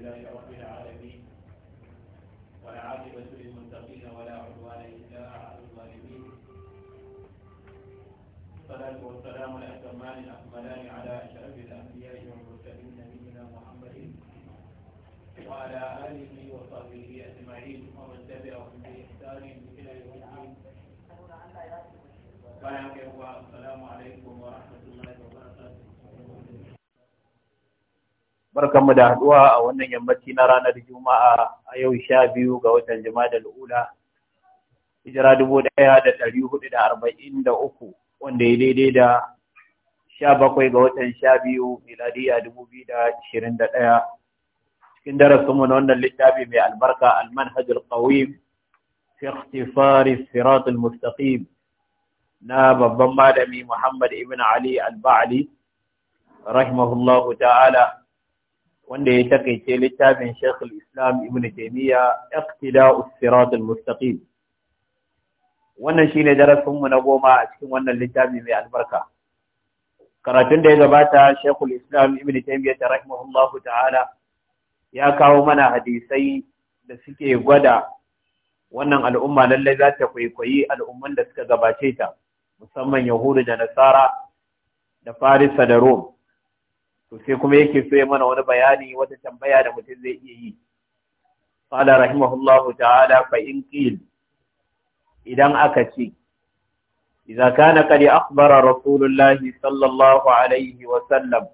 لله رب العالمين والعاقبة للمتقين ولا عدوان إلا على الظالمين الصلاة والسلام الأتمان الأكملان على أشرف الأنبياء والمرسلين نبينا محمد وعلى آله وصحبه أجمعين ومن تبعهم بإحسان إلى يوم الدين. السلام عليكم barkanmu da haduwa a wannan yammaci na ranar juma'a a yau sha biyu ga watan jima'a ula hijira dubu daya da dari hudu da arba'in da uku wanda ya daidai da sha bakwai ga watan sha biyu miladiya dubu biyu da ashirin da daya cikin darasinmu na wannan littafi mai albarka almanhajul qawim fi ikhtifari siratul mustaqim na babban malami muhammad ibn ali al-ba'li rahimahullahu ta'ala wanda ya takaice littafin Sheikh Islam Ibn Taymiyyah Iqtida'us Siratal Mustaqim wannan shine darasin mu na goma a cikin wannan littafi mai albarka karatun da ya gabata Sheikh Islam Ibn Taymiyyah rahimahullahu ta'ala ya kawo mana hadisai da suke gwada wannan al'umma lallai za ta kwaikwayi al'umman da suka gabace ta, musamman Yahudu da Nasara da Farisa da Rom. to sai kuma yake so ya mana wani bayani wata tambaya da mutum zai iya yi qala rahimahullahu ta'ala fa in qil idan aka ce idza kana qad akhbara rasulullahi sallallahu alaihi wa sallam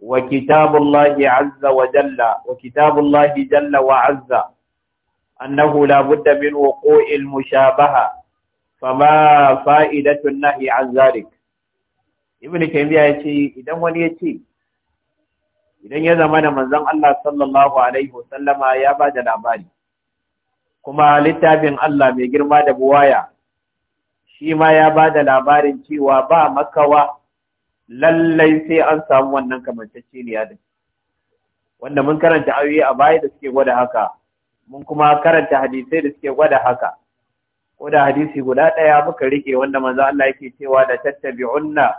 wa kitabullahi azza wa jalla wa kitabullahi jalla wa azza annahu la budda min wuqu'il mushabaha fama fa'idatun nahi an zalik ibn taymiya yace idan wani ce. idan ya zama da manzon Allah sallallahu alaihi wasallama ya ba da labari kuma littafin Allah mai girma da buwaya shi ma ya ba da labarin cewa ba makawa lallai sai an samu wannan kamanceceniya da wanda mun karanta ayoyi a baya da suke gwada haka mun kuma karanta hadisai da suke gwada haka ko da hadisi guda ɗaya muka rike wanda manzo Allah yake cewa da tattabi'unna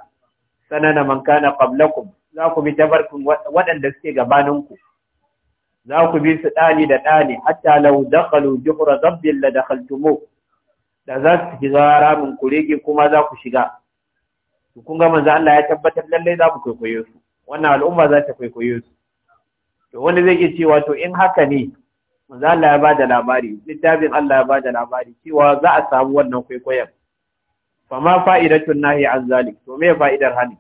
sanana man kana qablakum za ku bi tabarkin waɗanda suke gabaninku za ku bi su ɗani da ɗani hatta lau dakalu jihura zabbin la dakaltumo da za su fi shiga ramin ku rege kuma za ku shiga kun ga manzo Allah ya tabbatar lallai za mu kwaikwayo su wannan al'umma za ta kwaikwayo su to wani zai iya cewa to in haka ne manzo Allah ya bada labari littafin Allah ya bada labari cewa za a samu wannan kwaikwayon fama ma fa'idatun nahi an zalik to me fa'idar hani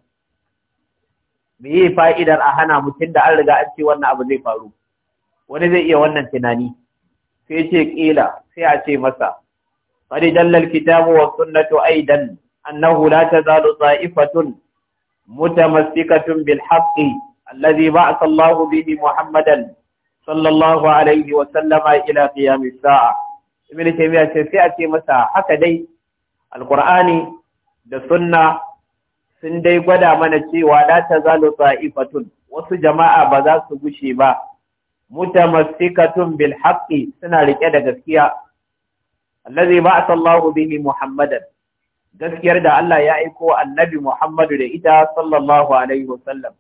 meye fa'idar a hana mutum da an riga an ce wannan abu zai faru wani zai iya wannan tunani sai ce kila sai a ce masa qad dallal kitabu was sunnatu aidan annahu la tazalu sa'ifatun mutamassikatun bil haqqi alladhi ba'atha Allah bihi Muhammadan sallallahu alayhi wa sallama ila qiyam as-sa'a ibn taymiya sai a ce masa haka dai alqur'ani da sunna sun dai gwada mana cewa la zalo ta'ifatun wasu jama'a ba za su gushe ba mutamassikatun bil haqqi suna rike da gaskiya allazi ba'atha sallahu bihi Muhammadan gaskiyar da Allah ya aiko annabi Muhammadu da ita sallallahu alaihi wasallam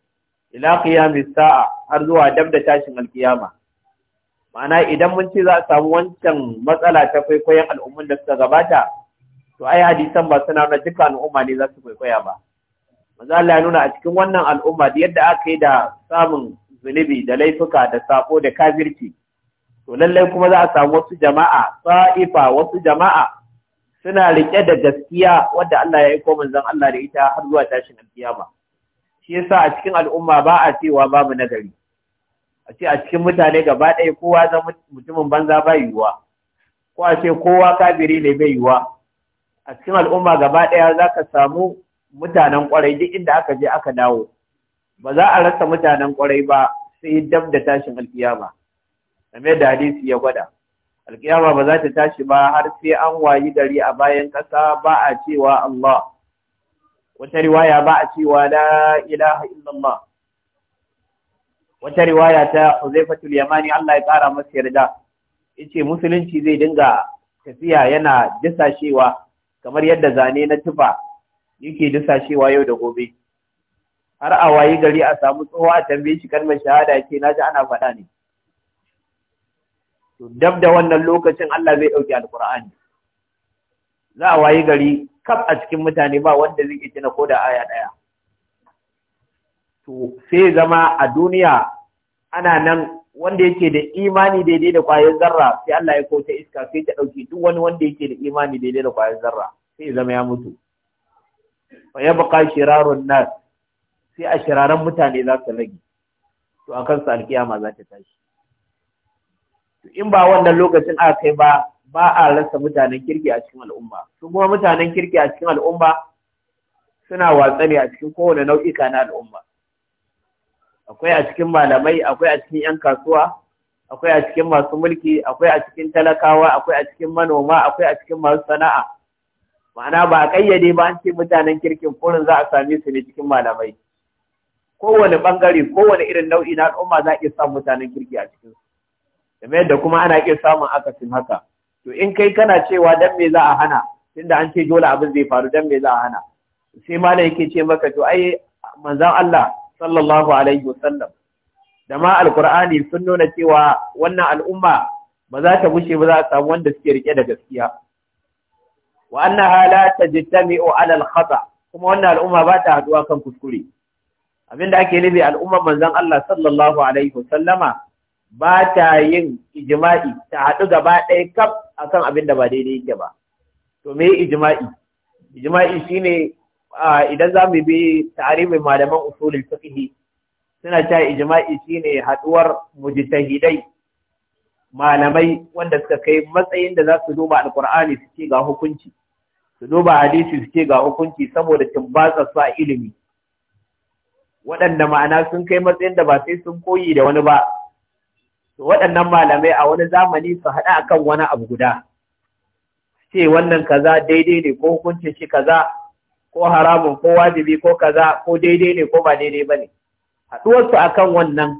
ila qiyamis sa'a har zuwa dab da tashin alkiyama ma'ana idan mun ce za a samu wancan matsala ta kwaikwayon al'ummar da suka gabata to ai hadisan ba suna na duka al'umma ne za su kwaikwaya ba manzo Allah ya nuna a cikin wannan al'umma da yadda aka yi da samun zunubi da laifuka da sako da kafirci to lallai kuma za a samu wasu jama'a sa'ifa wasu jama'a suna rike da gaskiya wadda Allah ya yi ko manzon Allah da ita har zuwa tashin alkiyama shi yasa a cikin al'umma ba a cewa babu nagari a ce a cikin mutane gaba ɗaya kowa zama mutumin banza ba yiwuwa ko a ce kowa kafiri ne bai yiwuwa a cikin al'umma gaba ɗaya za ka samu mutanen kwarai duk inda aka je aka dawo ba za a rasa mutanen kwarai ba sai dab da tashin alkiyama game da hadisi ya gwada alkiyama ba za ta tashi ba har sai an wayi gari a bayan kasa, ba a cewa Allah wata riwaya ba a cewa la ilaha illallah wata riwaya ta Uzaifatul Yamani Allah ya kara masa yarda yace musulunci zai dinga tafiya yana dasashewa kamar yadda zane na tufa yake dasashewa yau da gobe har a wayi gari a samu tsoho a tambaye shi kalmar shahada ke na ji ana faɗa ne to dab da wannan lokacin Allah zai ɗauki Alƙur'ani. za a wayi gari kaf a cikin mutane ba wanda zai tuna ko da aya ɗaya to sai zama a duniya ana nan wanda yake da imani daidai da kwayar zarra sai Allah ya kauce iska sai ta ɗauki duk wani wanda yake da imani daidai da kwayar zarra sai zama ya mutu fa baka shirarun nas sai a shiraren mutane za su rage to akan su alkiyama za ta tashi in ba wannan lokacin aka kai ba ba a rasa mutanen kirki a cikin al'umma su kuma mutanen kirki a cikin al'umma suna watsa ne a cikin kowane nau'ika na al'umma akwai a cikin malamai akwai a cikin 'yan kasuwa akwai a cikin masu mulki akwai a cikin talakawa akwai a cikin manoma akwai a cikin masu sana'a ma'ana ba a kayyade ba an ce mutanen kirkin kurin za a same su ne cikin malamai kowane bangare kowane irin nau'i na al'umma za a iya samun mutanen kirki a cikin kamar yadda kuma ana iya samun akasin haka to in kai kana cewa dan me za a hana tunda an ce dole abin zai faru dan me za a hana sai malam yake ce maka to ai manzon Allah sallallahu alaihi wasallam da ma alqur'ani sun nuna cewa wannan al'umma ba za ta gushe ba za a samu wanda suke rike da gaskiya wa annaha la tajtami'u 'ala al-khata kuma wannan al'umma ba ta haduwa kan kuskure abinda ake nufi al'ummar manzon Allah sallallahu alaihi wasallama ba ta yin ijma'i ta haɗu gaba ɗaya kaf akan abin da ba daidai yake ba to me ijma'i ijma'i shine idan za mu bi tarihin malaman usulul fiqh suna cewa ijma'i shine haduwar mujtahidai malamai wanda suka kai matsayin da za su duba alkur'ani su ce ga hukunci su duba hadisi su ce ga hukunci saboda tumbatsa su a ilimi waɗanda ma'ana sun kai matsayin da ba sai sun koyi da wani ba waɗannan malamai a wani zamani su haɗa akan wani abu guda ce wannan kaza daidai ne ko hukunci shi kaza ko haramun ko wajibi ko kaza ko daidai ne ko ba daidai ba ne haɗuwarsu akan wannan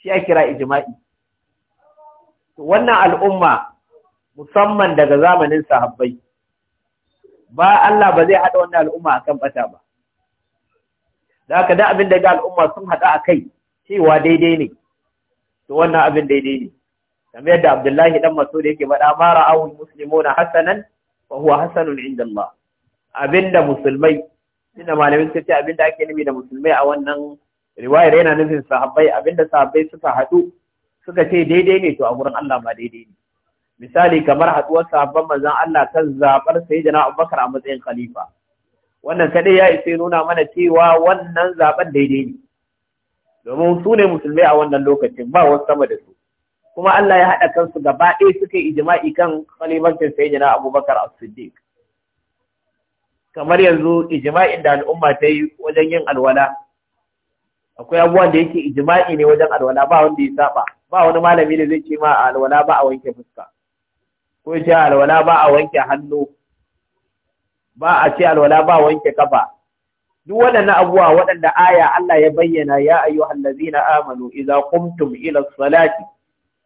shi a kira Ijima'i. wannan al'umma musamman daga zamanin sahabbai ba Allah ba zai haɗa wannan al'umma akan ɓata ba da haka da abin ga al'umma sun haɗa a kai cewa daidai ne to wannan abin daidai ne kamar yadda Abdullahi ɗan maso Mas'ud yake faɗa ma musulmi na hasanan ba huwa hasanun inda Abin da musulmai ina malamin abin da ake nufi da musulmai a wannan riwayar yana nufin sahabbai Abin da sahabbai suka haɗu suka ce daidai ne to a gurin Allah ma daidai ne misali kamar haɗuwar sabon mazan Allah kan zaɓar sayyidina Abubakar a matsayin khalifa wannan kaɗai ya isa nuna mana cewa wannan zaɓen daidai ne domin su ne musulmai a wannan lokacin ba wasu sama da su kuma Allah ya haɗa kansu gaba ɗaya suka yi ijma'i kan khalifancin sayyidina Abubakar a siddiq kamar yanzu ijma'in da al'umma ta yi wajen yin alwala akwai abubuwan da yake ijma'i ne wajen alwala ba wanda ya saba ba wani malami da zai ce ma a alwala ba a wanke fuska ko ya ce alwala ba a wanke hannu ba a ce alwala ba a wanke kafa duk waɗannan abubuwa waɗanda aya Allah ya bayyana ya ayyuhal ladzina amanu idza qumtum ila salati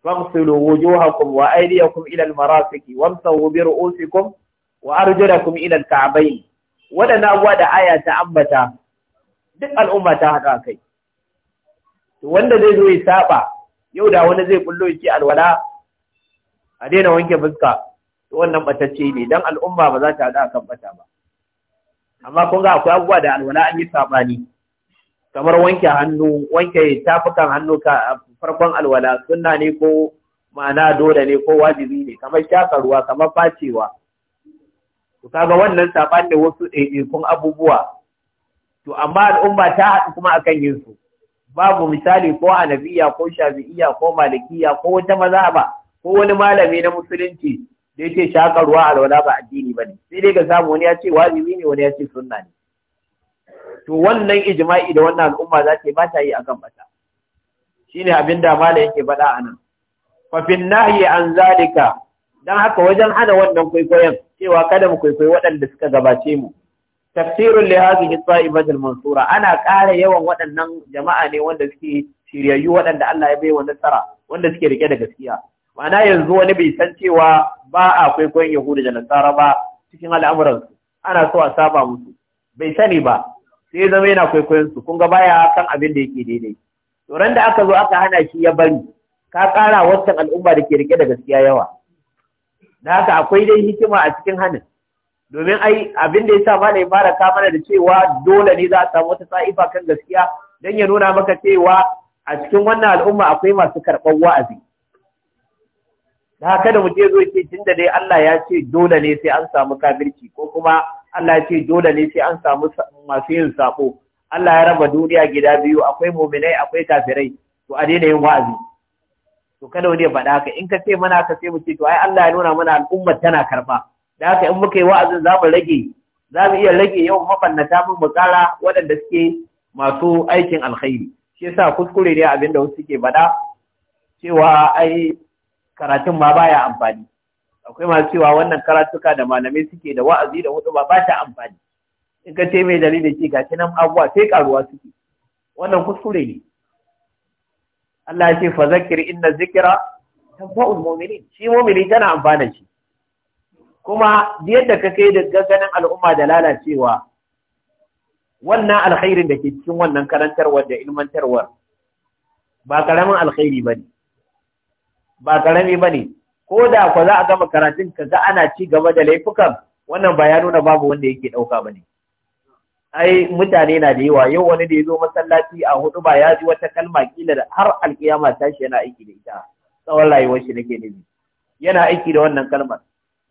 faghsilu wujuhakum wa aydiyakum ila al-marafiqi wamsahu bi ru'usikum wa arjulakum ila al waɗannan abubuwa da aya ta ambata duk al'umma ta haɗa kai wanda zai zo ya saba yau da wani zai bullo yake alwala a daina wanke fuska to wannan batacce ne dan al'umma ba za ta hada kan bata ba amma kun ga akwai abubuwa da alwala an yi sabani kamar wanke hannu wanke tafukan hannu ka farkon alwala sunna ne ko ma'ana dole ne ko wajibi ne kamar shaka ruwa kamar facewa to kaga wannan sabani da wasu ɗaiɗaikun abubuwa to amma al'umma ta haɗu kuma akan yin su babu misali ko anabiya ko shafi'iya ko malikiya ko wata maza ba, ko wani malami na musulunci da yake shakarwa a alwala ba addini ba ne, sai dai ga samu wani ya ce wajibi ne wani ya ce sunna ne to wannan ijma'i da wannan al'umma za ta ba ta yi akan bata shine abin da mala yake faɗa nan. fa fin nahyi an zalika dan haka wajen hana wannan kwaikwayon cewa kada mu kwaikwayi waɗanda suka gabace mu tafsirin li hadhihi ta'ibatul mansura ana ƙara yawan waɗannan jama'a ne wanda suke shiryayyu waɗanda Allah ya baiwa nasara wanda suke rike da gaskiya ma'ana yanzu wani bai san cewa ba a kwaikwayon yahuda da nasara ba cikin al'amuran ana so a saba musu bai sani ba sai zama yana kwaikwayon su kun ga baya kan abin da yake daidai to da aka zo aka hana shi ya bari ka ƙara wancan al'umma da ke rike da gaskiya yawa da haka akwai dai hikima a cikin hanin domin ai abin da sa malai fara ka mana da cewa dole ne za a samu wata sa'ifa kan gaskiya don ya nuna maka cewa a cikin wannan al'umma akwai masu karɓar wa'azi da haka da mutum zo ce da dai Allah ya ce dole ne sai an samu kafirci ko kuma Allah ya ce dole ne sai an samu masu yin sako Allah ya raba duniya gida biyu akwai muminai akwai kafirai to a daina yin wa'azi to kada wani ya faɗa haka in ka ce mana ka sai mu ce to ai Allah ya nuna mana al'umma tana karɓa. da haka in muka yi wa'azin za mu rage za mu iya rage yawan mabannata mun mu tsara waɗanda suke masu aikin alkhairi shi yasa kuskure ne abinda wasu suke bada cewa ai karatun ma baya amfani akwai masu cewa wannan karatuka da malamai suke da wa'azi da hudu ba ba ta amfani in ka ce mai dalilin ce gashi nan abuwa sai karuwa suke wannan kuskure ne Allah ya ce fa zakir inna zikra tanfa'ul mu'minin shi mu'mini tana amfana shi kuma yadda ka kai da ganin al'umma da lalacewa wannan alkhairin da ke cikin wannan karantarwar da ilmantarwar ba karamin alkhairi ba ne ba karami ba ne ko da ku za a gama karatun ka ga ana ci gaba da laifukan wannan ba ya nuna babu wanda yake ɗauka ba ne ai mutane na da yawa yau wani da ya zo masallaci a hudu ba ya ji wata kalma kila da har alkiyama tashi yana aiki da ita tsawon rayuwar shi nake nufi yana aiki da wannan kalmar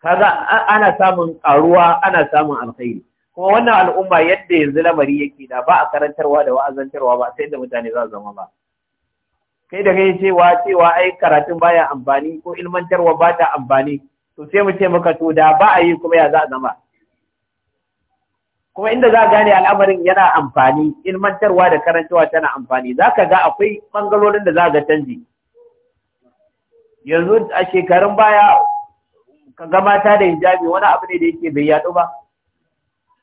kaga ana samun karuwa ana samun alkhairi kuma wannan al'umma yadda yanzu lamari yake da ba a karantarwa da wa'azantarwa ba sai da mutane za su zama ba kai da kai cewa cewa ai karatun baya amfani ko ilmantarwa ba ta amfani to sai mu ce maka to da ba a yi kuma ya za a zama kuma inda za gane al'amarin yana amfani ilmantarwa da karantarwa tana amfani za ka ga akwai bangarorin da za ga canji yanzu a shekarun baya ka mata da hijabi wani abu ne da yake bai yaɗu ba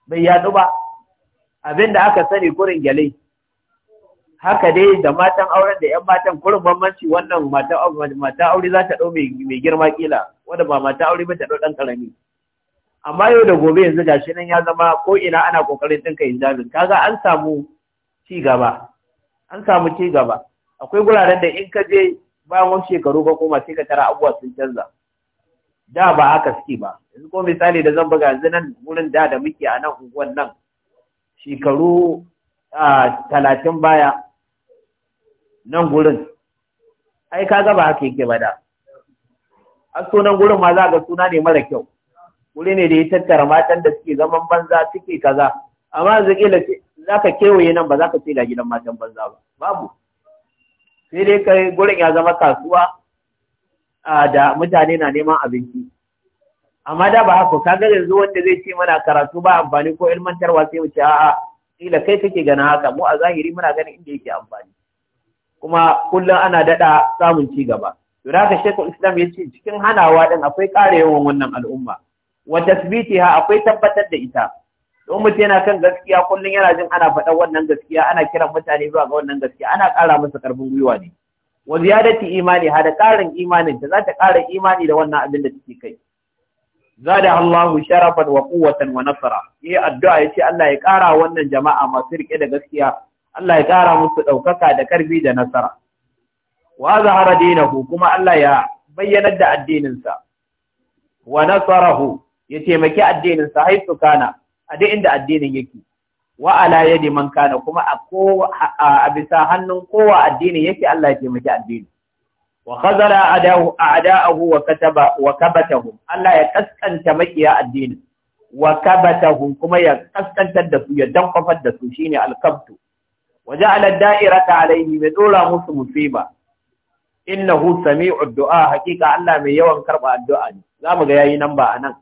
bai yaɗu ba abin da aka sani kurin gyale haka dai da matan auren da 'yan matan kurin bambanci wannan mata aure za ta ɗau mai girma kila wanda ba mata aure ba ta ɗau ɗan ƙarami amma yau da gobe yanzu ga shi nan ya zama ko ina ana kokarin ɗinka hijabin kaga an samu ci gaba an samu ci gaba akwai guraren da in ka je bayan wani shekaru ka koma sai ka tara abubuwa sun canza da ba haka suke ba yanzu ko misali da zan buga yanzu nan wurin da da muke a nan unguwan nan shekaru talatin baya nan gurin ai kaga ba haka yake ba da an sunan gurin ma za ga suna ne mara kyau wuri ne da ya tattara matan da suke zaman banza suke kaza amma yanzu kila za ka kewaye nan ba za ka ce ga gidan matan banza ba babu sai dai kai gurin ya zama kasuwa da mutane na neman abinci amma da ba haka kaga yanzu wanda zai ce mana karatu ba amfani ko ilmantarwa sai mu ce a'a kila kai kake gana haka mu a zahiri muna ganin inda yake amfani kuma kullum ana daɗa samun ci gaba to da haka islam ya ce cikin hanawa din akwai ƙara yawan wannan al'umma wa ha akwai tabbatar da ita don mutum yana kan gaskiya kullum yana jin ana faɗa wannan gaskiya ana kiran mutane zuwa ga wannan gaskiya ana ƙara masa ƙarfin gwiwa ne wa ziyadati imani hada karin imanin ta za ta kara imani da wannan abin da take kai zada Allahu sharafan wa quwwatan wa nasara yi addu'a yace Allah ya kara wannan jama'a masu rike da gaskiya Allah ya kara musu daukaka da karfi da nasara wa zahara dinahu kuma Allah ya bayyana da addininsa wa nasarahu ya taimaki addininsa haitsu kana a duk inda addinin yake wa ala yadi man kana kuma a a bisa hannun kowa addini yake Allah ya taimaki addini wa khazala adahu a'da'ahu wa kataba wa kabatahum Allah ya kaskanta makiya addini wa kabatahum kuma ya kaskantar da su ya dankafar da su shine al-kabtu wa ja'ala da'irata alayhi bi dora musu musiba innahu sami'ud du'a hakika Allah mai yawan karba addu'a ne zamu ga yayi nan ba anan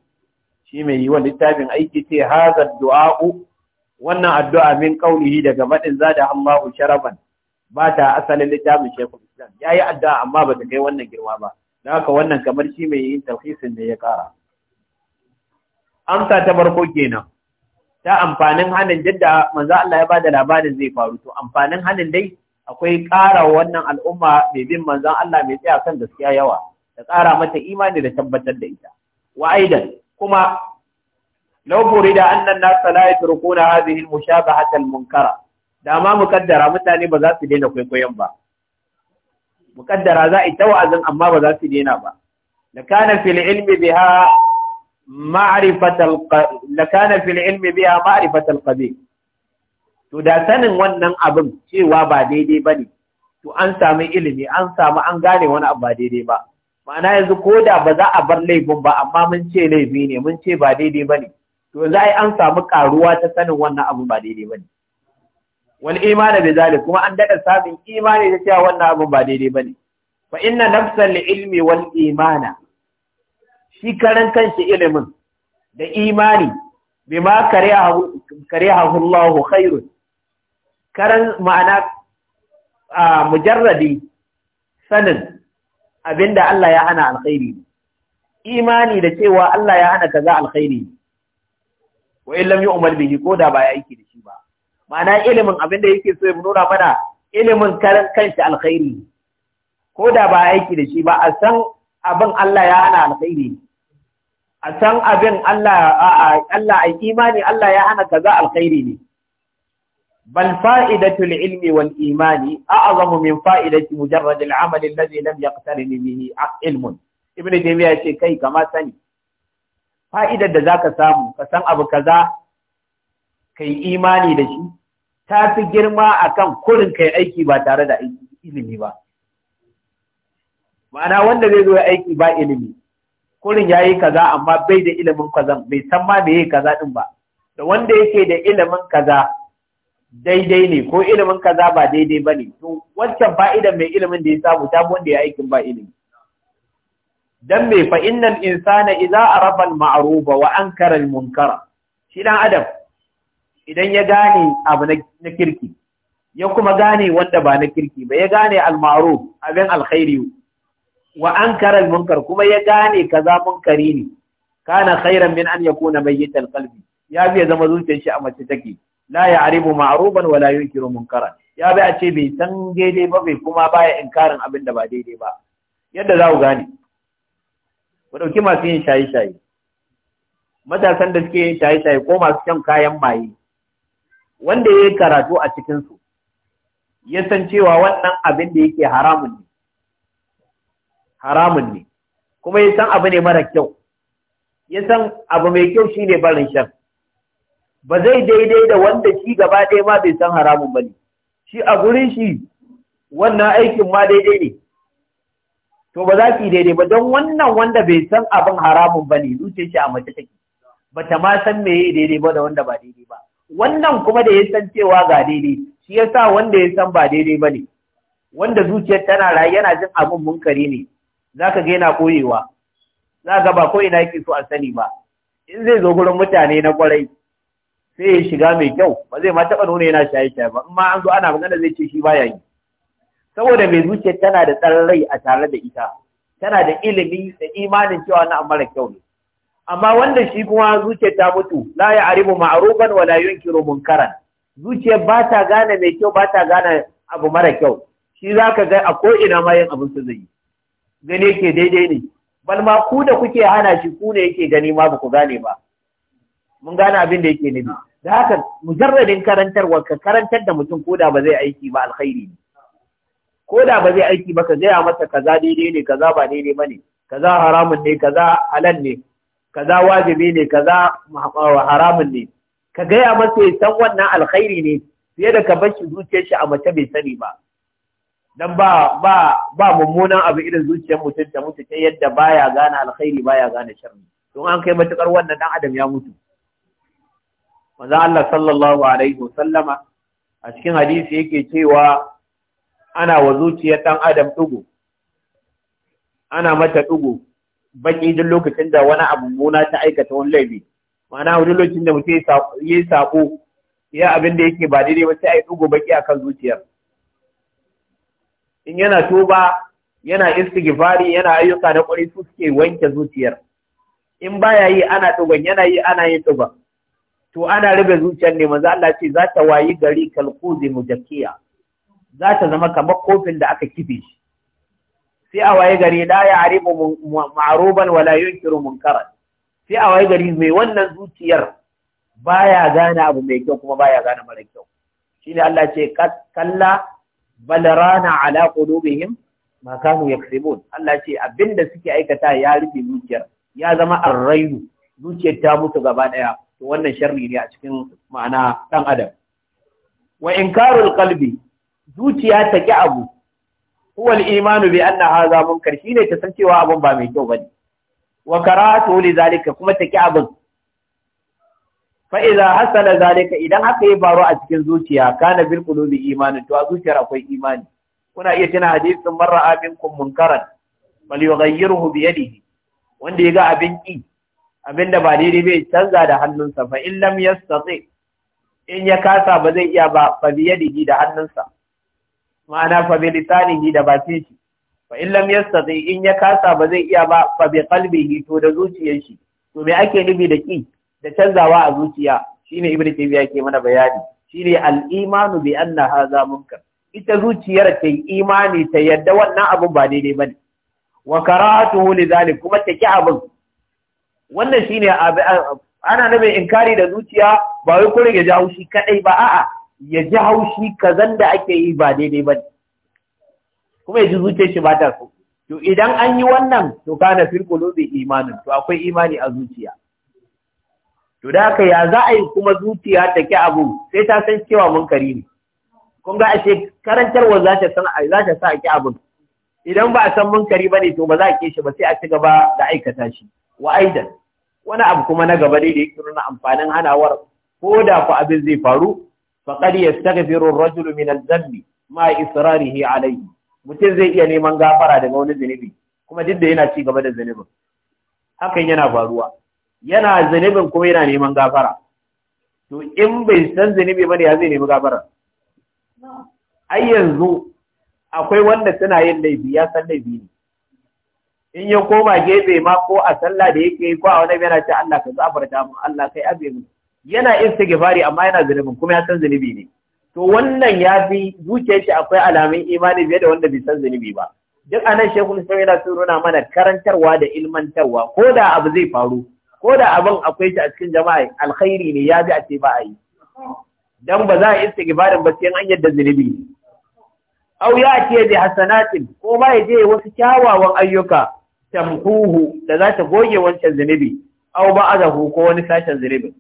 shi mai yi wa littafin aiki ce hadha du'a'u wannan addu'a min kaunihi daga madin zada Allahu sharaban ba ta asalin littafin Sheikhul Islam yi addu'a amma ba ta kai wannan girma ba da haka wannan kamar shi mai yin talhisin da ya kara amsa ta farko kenan ta amfanin hannun jadda manzo Allah ya da labarin zai faru to amfanin hannun dai akwai ƙara wannan al'umma mai bin manzon Allah mai tsaya kan gaskiya yawa da ƙara mata imani da tabbatar da ita wa aidan kuma law burida anna an-nas la yatrukuna hadhihi al munkara da ma mukaddara mutane ba za su daina kwaikwayon ba mukaddara za a yi tawazin amma ba za su daina ba lakana fil ilmi biha ma'rifatal lakana to da sanin wannan abin cewa ba daidai ne. to an sami ilimi an sami an gane wani abu ba daidai ba ma'ana yanzu ko da ba za a bar laifin ba amma mun ce laifi ne mun ce ba daidai bane to a yi an samu karuwa ta sanin wannan abu ba daidai bane wal imani bi zalik kuma an daɗa samun imani da cewa wannan abu ba daidai bane fa inna nafsal ilmi wal imana shi karan kanshi ilimin da imani ma kare karihahu Allah khairun karan ma'ana mujarradi sanin abinda Allah ya hana alkhairi imani da cewa Allah ya hana kaza alkhairi wa in yu'mal bihi ko da ba ya aiki da shi ba ma'ana ilimin abin da yake so ya nuna mana ilimin karan kanshi alkhairi ko da ba ya aiki da shi ba a san abin Allah ya hana alkhairi a san abin Allah Allah ai imani Allah ya hana kaza alkhairi ne بل فائدة العلم والإيمان أعظم من فائدة مجرد العمل الذي لم يقترن به علم ابن تيمية كي كما سني fa'idar da za ka samu ka san abu kaza yi imani da shi ta fi girma kan kurin ka yi aiki ba tare da ilimi ba ma'ana wanda zai zo ya aiki ba ilimi kurin ya yayi kaza amma bai da ilimin kazan, bai san ma me yi kaza ɗin ba da wanda yake da ilimin kaza daidai ne ko ilimin kaza ba daidai ne, to wancan fa'idan mai ilimin da ya samu ta wanda ya aikin ba ilimi dan me fa innal insana idza arafa al-ma'rufa wa ankara al-munkara shi dan adam idan ya gane abu na kirki ya kuma gane wanda ba na kirki ba ya gane al-ma'ruf abin alkhairi wa ankara al-munkar kuma ya gane kaza munkari ne kana khairan min an yakuna mayyital qalbi ya biya zama zuciyar shi a mace take la ya ya'rifu maaruban wa la yunkiru munkara? ya bi a ce bai san daidai ba bai kuma baya inkarin abin da ba daidai ba yadda za ku gane ku ɗauki masu yin shaye-shaye matasan da suke yin shaye-shaye ko masu shan kayan maye wanda ya yi karatu a cikinsu ya san cewa wannan abin da yake haramun ne haramun ne kuma ya san abu ne mara kyau ya san abu mai kyau shi ne barin shan ba zai daidai da wanda shi gaba ɗaya ma bai san haramun ba ne shi a gurin shi wannan aikin ma daidai ne to ba za ki daidai ba don wannan wanda bai san abin haramun ba ne zuciyar shi a mace take ba ta ma san me yi daidai ba da wanda ba daidai ba wannan kuma da ya san cewa ga daidai shi ya sa wanda ya san ba daidai ba ne wanda zuciyar tana rayu yana jin abin munkari ne Za ga yana koyewa za ga ba ko ina yake so a sani ba in zai zo gurin mutane na kwarai sai ya shiga mai kyau ba zai ma taɓa nuna yana shaye shaye ba in an zo ana magana zai ce shi baya yi saboda mai zuciya tana da tsarrai a tare da ita tana da ilimi da imanin cewa na amara kyau ne amma wanda shi kuma zuciya ta mutu la ya aribu ma'aruban wala yunkiru munkaran zuciya ba ta gane mai kyau ba ta gane abu mara kyau shi za ka ga a ko'ina ma yin abin su zai yi gani yake daidai ne bal ma ku da kuke hana shi ku ne yake gani ma ba ku gane ba mun gane abin da yake nufi da haka mujarradin karantarwa ka karantar da mutum ko da ba zai aiki ba alkhairi ne ko da ba zai aiki ba ka gaya masa kaza daidai ne kaza ba daidai ba ne kaza haramun ne kaza halal ne kaza wajibi ne kaza haramun ne ka gaya masa ya san wannan alkhairi ne fiye da ka bar shi zuciyar shi a mace bai sani ba dan ba ba ba mummunan abu irin zuciyar mutum ta mutu ta yadda baya gane alkhairi baya gane sharri don an kai matukar wannan dan adam ya mutu manzo Allah sallallahu alaihi wasallama a cikin hadisi yake cewa ana wa zuciyar ɗan adam ɗugu ana mata ɗugu baƙi duk lokacin da wani abu muna ta aikata wani laifi ma'ana wani lokacin da mutum yi saƙo ya abin da yake ba daidai ba sai a yi ɗugu baƙi a kan zuciyar in yana tuba yana iska gifari yana ayyuka na ƙwari su suke wanke zuciyar in baya yi ana ɗugan yana yi ana yin ɗugan to ana rufe zuciyar ne maza Allah ce za ta wayi gari kalkuzi mujakkiya za ta zama kamar kofin da aka kife shi sai a waye gari da ya aribu ma'aruban wala yunkiru munkara sai a waye gari mai wannan zuciyar baya gane abu mai kyau kuma baya gane mara kyau shine Allah ce kalla bal rana ala qulubihim ma kanu Allah ce abinda suke aikata ya rufe zuciyar ya zama arrayu zuciyar ta mutu gaba daya to wannan sharri ne a cikin ma'ana dan adam wa inkarul qalbi zuciya ta ki abu huwal imanu bi anna hadha munkar shine ta san cewa abun ba mai kyau bane wa karatu li zalika kuma ta ki abun fa idza hasala zalika idan haka ya faru a cikin zuciya kana bil qulubi imanin to a zuciyar akwai imani kuna iya tuna hadisin man ra'a minkum munkaran yughayyirhu bi yadihi wanda ya ga abin ki abin ba daidai bai canza da hannunsa fa in lam yastati in ya kasa ba zai iya ba fa bi yadihi da hannunsa ma'ana fa bi lisanihi da bakin shi fa in lam yastati in ya kasa ba zai iya ba fa bi qalbihi to da zuciyar shi to me ake nufi da ki da canzawa a zuciya shine ibnu taymiya ke mana bayani shine al-imanu bi anna hadha munkar ita zuciyar ta imani ta yadda wannan abun ba daidai bane wa karatuhu lidhalik kuma ta ki abin wannan shine ana nabe inkari da zuciya ba wai kurege rage jawo shi kadai ba a'a ya ji haushi kazan da ake yi ba daidai ba kuma ya ji zuciyar shi ba ta so to idan an yi wannan to kana fil qulubi imanin to akwai imani a zuciya to da haka ya za a yi kuma zuciya ta ki abu sai ta san cewa munkari ne kun ga ashe karantarwa za ta san za ta sa ki abu idan ba a san munkari bane to ba za a ke shi ba sai a ci gaba da aikata shi wa aidan wani abu kuma na gaba dai da yake nuna amfanin hanawar ko da ku abin zai faru ya saka ar-rajulu min adh-dhanbi ma israrihi alayhi mutum zai iya neman gafara daga wani zunubi kuma duk da yana ci gaba da zunubin hakan yana faruwa yana zunubin kuma yana neman gafara to in bai san zunubi ne ya zai nemi gafara ai yanzu akwai wanda suna yin laifi ya san laifi ne in ya koma gefe ma ko a sallah da yake ko a wani yana ce Allah ka zafarta mu Allah kai abe mu yana gifari amma yana zunubin kuma ya san zunubi ne to wannan ya fi zuciyar shi akwai alamun imani biye da wanda bai san zunubi ba duk a anan shekul sai yana so nuna mana karantarwa da ilmantarwa ko da abu zai faru ko da abin akwai shi a cikin jama'a alkhairi ne ya bi a ce ba a yi dan ba za a gifarin ba sai an yadda zunubi ne aw ya ce bi hasanatin ko ba ya je wasu kyawawan ayyuka tamkuhu da za ta goge wancan zunubi aw ba'adahu ko wani sashen zunubin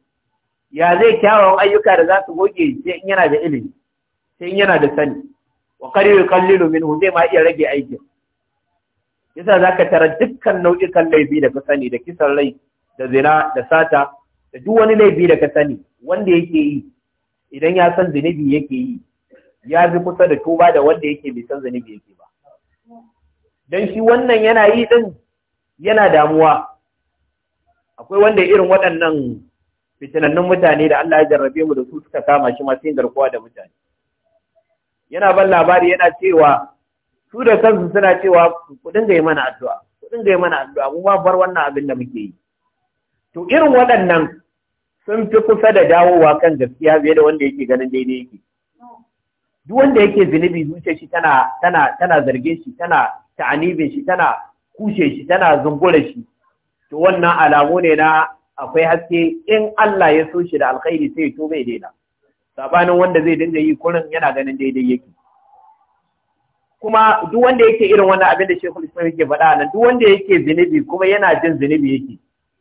ya zai kyawawan ayyuka da za su goge sai in yana da ilimi sai in yana da sani wa qalilu qallilu minhu zai ma iya rage aikin yasa zaka tara dukkan nau'ikan laifi da ka sani da kisan rai da zina da sata da duk wani laifi da ka sani wanda yake yi idan ya san zunubi yake yi ya fi kusa da tuba da wanda yake bai san zunubi yake ba dan shi wannan yana yi din yana damuwa akwai wanda irin waɗannan fitinannun mutane da Allah ya jarrabe mu da su suka kama shi masu yin garkuwa da mutane yana ban labari yana cewa su da kansu suna cewa ku dinga yi mana addu'a ku dinga yi mana addu'a mu ma bar wannan abin da muke yi to irin waɗannan sun fi kusa da dawowa kan gaskiya fiye da wanda yake ganin daidai yake duk wanda yake zunubi zuciyar shi tana tana tana zarge shi tana ta'anibin shi tana kushe shi tana zungula shi to wannan alamu ne na akwai haske in Allah ya so shi da alkhairi sai to bai daina sabanin wanda zai dinga yi kurin yana ganin daidai yake kuma duk wanda yake irin wannan abin da Sheikhul Islam yake faɗa nan duk wanda yake zinubi kuma yana jin zinubi yake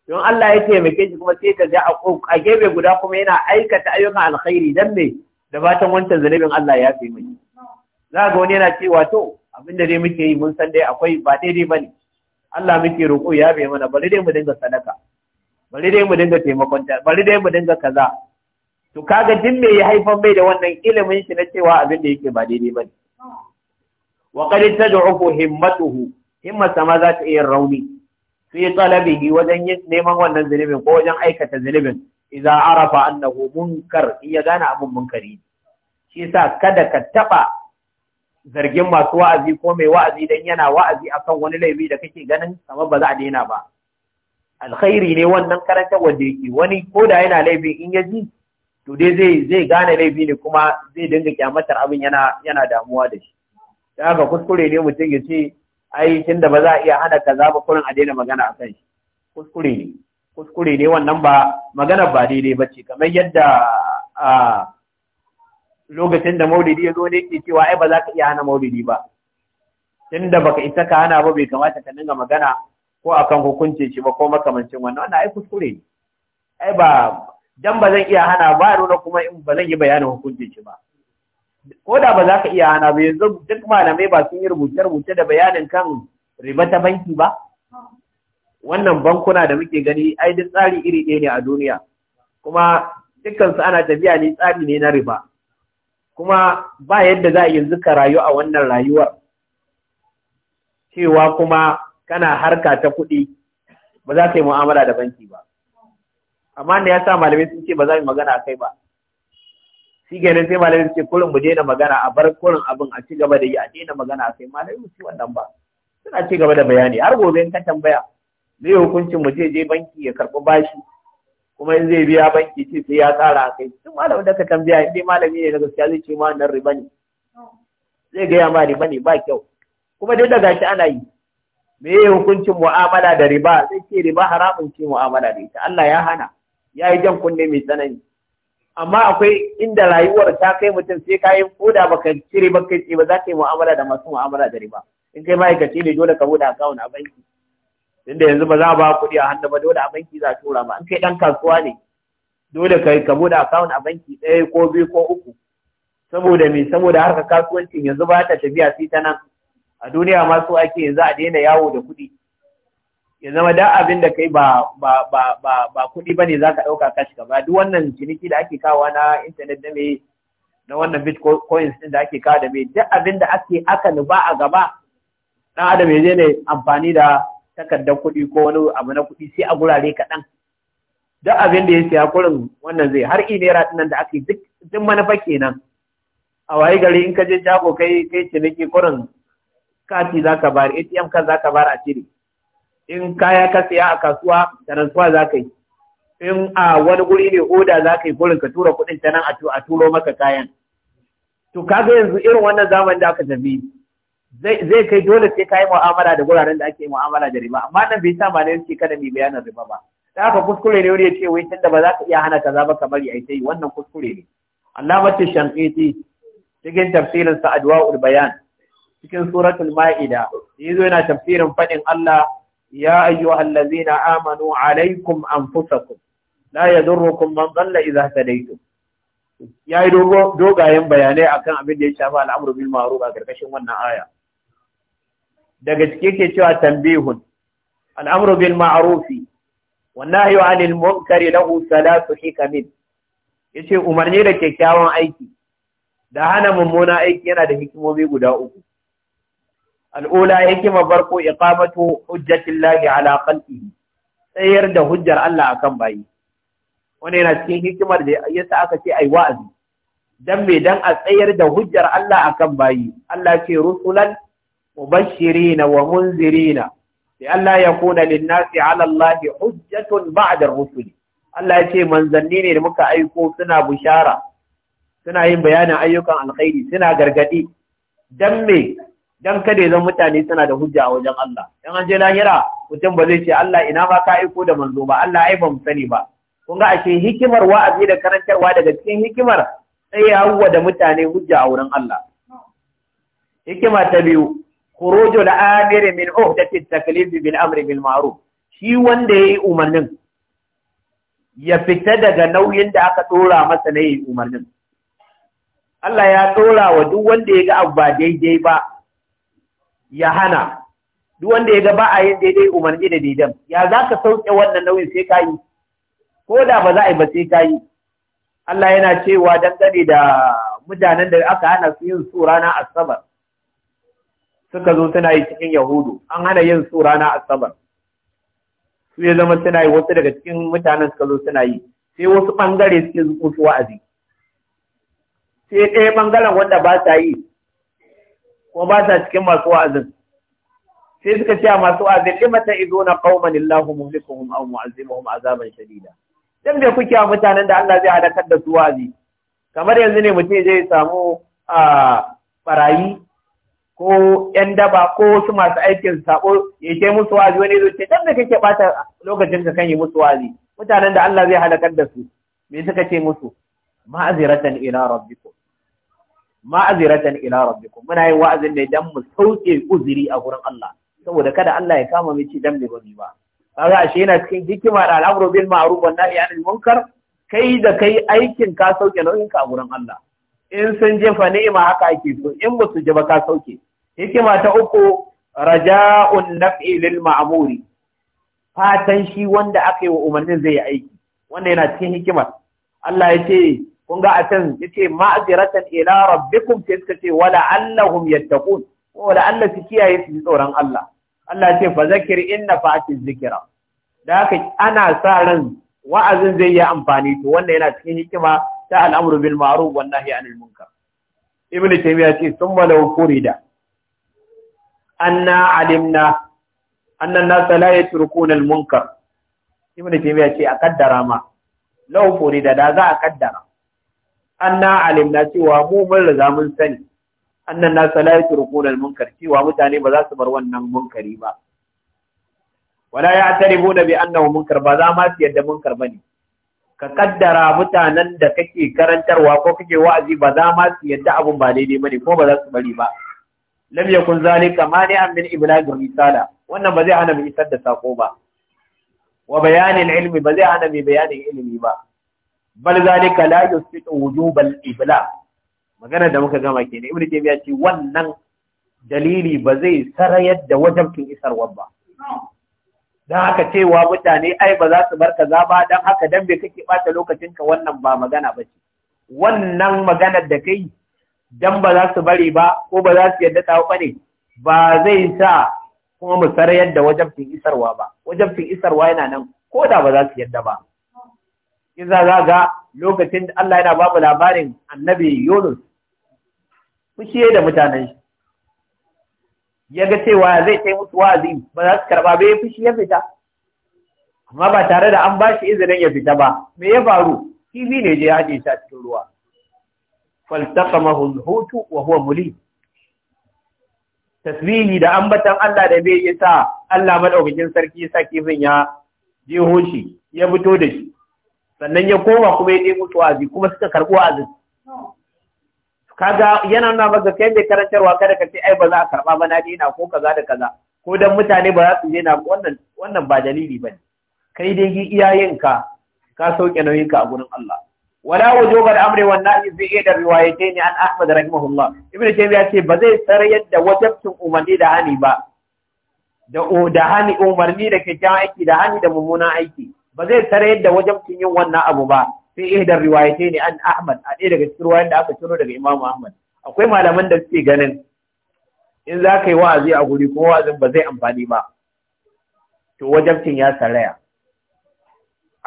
don Allah ya taimake shi kuma sai ka ga a gefe guda kuma yana aikata ayyukan alkhairi dan me da fatan wancan zinubin Allah ya fi mai za ga wani yana cewa to abin da dai muke yi mun san dai akwai ba daidai bane Allah muke roƙo ya bai mana bari dai mu dinga sadaka bari dai mu dinga taimakon ta bari dai mu dinga kaza to kaga din me ya haifar mai da wannan ilimin shi na cewa abin da yake ba daidai bane wa qad tad'u himmatuhu himmarsa ma za ta iya rauni fi talabihi wajen neman wannan zulubin ko wajen aikata zulubin idza arafa annahu munkar in ya gane abin munkari shi yasa kada ka taba zargin masu wa'azi ko mai wa'azi dan yana wa'azi akan wani laifi da kake ganin kamar ba za a daina ba alkhairi ne wannan karantar wanda yake wani ko da yana laifi in ya ji to dai zai zai gane laifi ne kuma zai dinga kyamatar abin yana yana damuwa da shi da haka kuskure ne mutum ya ce ai da ba za a iya hana kaza ba kurin a daina magana a kan shi kuskure ne kuskure ne wannan ba magana ba daidai ba ce kamar yadda a lokacin da maulidi ya zo ne ke cewa ai ba za ka iya hana maulidi ba Tun da baka isa ka hana ba bai kamata ka dinga magana ko akan hukunce shi ba ko makamancin wannan wannan ai kuskure ne ai ba dan ba zan iya hana ba nuna kuma in ba zan yi bayanin hukunce shi ba ko da ba za ka iya hana ba yanzu duk malamai ba sun yi rubuce-rubuce da bayanin kan riba ta banki ba wannan bankuna da muke gani ai duk tsari iri ɗaya ne a duniya kuma dukkansu ana tafiya ne tsari ne na riba kuma ba yadda za a yanzu ka rayu a wannan rayuwar cewa kuma kana harka ta kuɗi ba za ka yi mu'amala da banki ba amma da ya sa malamai sun ce ba za mu magana a kai ba shi kenan sai malamai sun ce kurin mu daina magana a bar kurin abin a ci gaba da yi a daina magana a kai malamai mu ci wannan ba suna ci gaba da bayani har gobe in ka tambaya me hukuncin mu je je banki ya karɓi bashi kuma in zai biya banki ce sai ya tsara a kai duk malamin da ka tambaya in dai malami ne na gaskiya zai ce ma nan riba ne zai gaya ma riba ne ba kyau kuma duk da gashi ana yi me yi hukuncin mu'amala da riba sai ce riba haramun ce mu'amala da ita Allah ya hana ya yi jan kunne mai tsanani amma akwai inda rayuwar ta kai mutum sai ka yi ko da baka cire ba kai ba za ka yi mu'amala da masu mu'amala da riba in kai ma'aikaci ne dole ka bude akawun a banki tunda yanzu ba za a ba kuɗi a hannu ba dole a banki za a tura ba in kai ɗan kasuwa ne dole ka ka bude akawun a banki ɗaya ko biyu ko uku saboda me saboda harka kasuwancin yanzu ba ta tafiya sai ta nan a duniya ma so ake yanzu a daina yawo da kuɗi ya zama da abin da kai ba kuɗi ba ne ba kuɗi zaka ɗauka ka shiga ba duk wannan ciniki da ake kawo na intanet da mai na wannan bitcoin din da ake kawo da mai duk abin da ake aka nuba a gaba ɗan adam ya je ne amfani da takardar kuɗi ko wani abu na kuɗi sai a gurare kaɗan duk abin da ya siya kurin wannan zai har naira nan da ake duk manufa kenan a waye gari in ka je jago kai kai ciniki kurin kati za ka bari atm kan za ka bari a cire in kaya ka siya a kasuwa transfer za ka yi in a wani guri ne oda za ka yi gurin ka tura kuɗin ta nan a turo maka kayan to ka ga yanzu irin wannan zamanin da aka tafi zai kai dole sai ka yi mu'amala da guraren da ake mu'amala da riba amma nan bai sa ne ce kada mai bayanin riba ba da haka kuskure ne wani ya ce wai tunda ba za ka iya hana kaza ba kamar ya yi wannan kuskure ne Allah mace shanqiti cikin tafsirin sa adwa'ul bayan cikin suratul ma'ida yazo yana tafsirin faɗin Allah ya ayyuhallazina amanu alaikum anfusakum la yadurrukum man ta idha tadaytum yayi dogayen bayanai akan abin da ya shafi al'amru bil ma'ruf a karkashin wannan aya daga cike ke cewa tambihun al'amru bil ma'rufi wan nahyu 'anil munkari lahu thalathu hikamin yace umarni da kyakkyawan aiki da hana mummuna aiki yana da hikimomi guda uku al'ula hikimar barko iqamatu hujjatillahi ala khalqihi tsayar da hujjar Allah akan bayi wani yana cikin hikimar da yasa aka ce ai wa'azi dan me dan a tsayar da hujjar Allah akan bayi Allah ce rusulan mubashirina wa munzirina Sai Allah kuna lin-nasi ala Allah hujjatun ba'da rusuli Allah ce manzanni ne da muka aiko suna bushara suna yin bayanin ayyukan alkhairi suna gargadi dan me dan kada ya zama mutane suna da hujja a wajen Allah dan an je lahira mutum ba zai ce Allah ina ma ka aiko da manzo ba Allah ai ba mu sani ba kun ga ashe hikimar wa'azi da karantarwa daga cikin hikimar sai ya huwa da mutane hujja a wurin Allah hikima ta biyu Kurojo da amiri min uhdati taklif bil amri bil ma'ruf shi wanda yayi umarnin ya fita daga nauyin da aka dora masa na yi umarnin. Allah ya dora wa duk wanda ya ga abu ba daidai ba ya hana duk wanda ya ga ba a yin daidai umarni da daidan ya za ka sauke wannan nauyin sai ka yi ko da ba za a yi ba sai ka yi Allah yana cewa dangane da mutanen da aka hana su yin su rana asabar suka zo suna yi cikin yahudu an hana yin su rana asabar su ya zama suna yi wasu daga cikin mutanen suka zo suna yi sai wasu bangare suke su wa'azi sai ɗaya bangaren wanda ba sa yi kuma ba sa cikin masu wa'azin sai suka ce a masu wa'azin lima ta izo na qauman illahu muhlikuhum aw mu'azzimuhum azaban shadida dan da kuke mutanen da Allah zai halakar da su wa'azi kamar yanzu ne mutum zai samu a barayi ko yan daba ko wasu masu aikin sabo ya ce musu wa'azi wani zai ce dan da kake bata lokacin ka kan yi musu wa'azi mutanen da Allah zai halakar da su me suka ce musu ma'aziratan ila rabbikum ma'aziratan ila rabbikum muna yin wa'azin ne dan mu sauke uzuri a gurin Allah saboda kada Allah ya kama mu ci dan da ba kaga ashe yana cikin hikima da al'amru bil ma'ruf wan nahi anil munkar kai da kai aikin ka sauke nauyin ka a gurin Allah in sun jefa ni'ima haka ake so in ba su ji ba ka sauke hikima ta uku raja'un naf'i lil ma'muri fatan shi wanda aka yi wa umarnin zai yi aiki wannan yana cikin hikimar Allah ya ce kun ga a can yace ma'ziratan ila rabbikum sai suka ce wala allahum yattaqun wala Allah su kiyaye su tsoron Allah Allah ce fa zakir inna fa'ati zikira da haka ana sa ran wa'azin zai yi amfani to wannan yana cikin hikima ta al'amru bil ma'ruf wan nahyi anil munkar ibn taymiya ce summa law furida anna alimna anna an-nas la yatrukuna al munkar ibn taymiya ce a kaddara ma law furida da za a kaddara anna alimna cewa mu mun riga mun sani annan na la yatrukuna al-munkar cewa mutane ba za su bar wannan munkari ba wala ya da bi annahu munkar ba za ma su yadda munkar bane ka kaddara mutanen da kake karantarwa ko kake wa'azi ba za ma su yadda abun ba daidai bane ko ba za su bari ba lam yakun zalika an min iblaghi risala wannan ba zai hana mu isar da sako ba wa bayanin ilmi ba zai hana mu bayanin ilimi ba bal zalika la yusbitu wujubal ibla magana da muka gama kenan ibnu taymiya ce wannan dalili ba zai sarayar da wajabcin isarwar ba dan haka cewa mutane ai ba za su bar kaza ba dan haka dan bai kake bata lokacin ka wannan ba magana ba ce wannan maganar da kai dan ba za su bari ba ko ba za su yadda ta ba ne ba zai sa kuma mu sarayar da wajabcin isarwa ba wajabcin isarwa yana nan ko da ba za su yadda ba in za ga lokacin da Allah yana babu labarin annabi Yunus, fushi da mutanen shi. Ya ga cewa zai kai musu wa'azi ba za su karba bai fushi ya fita. Amma ba tare da an ba shi izinin ya fita ba, me ya faru? Kifi ne je ya haɗe shi a cikin ruwa. Faltaqamahu al-hutu wa huwa mulim. tasbihi da ambatan Allah da bai isa Allah madaukakin sarki sa kifin ya jeho shi ya fito da shi sannan ya koma kuma ya nemo su wa'azi kuma suka karɓo wa'azin kaga yana nuna maka kai mai karantarwa kada ka ce ai ba za a karɓa ba na ko kaza da kaza ko dan mutane ba za su daina wannan wannan ba dalili ba ne. kai dai iyayenka ka sauke nauyinka a gurin Allah wala wujubar amri wan nahi fi ida riwayatayn an Ahmad rahimahullah ibnu ya ce ba zai sarayar da wajabtin umarni da hani ba da da hani umarni da kyakkyawan aiki da hani da mummunan aiki ba zai tare yadda wajen yin wannan abu ba sai ihdar riwayatai ne an Ahmad a ɗaya daga cikin ruwayan da aka ciro daga Imam Ahmad akwai malaman da suke ganin in za ka yi wa'azi a guri ko wa'azin ba zai amfani ba to wajabcin ya saraya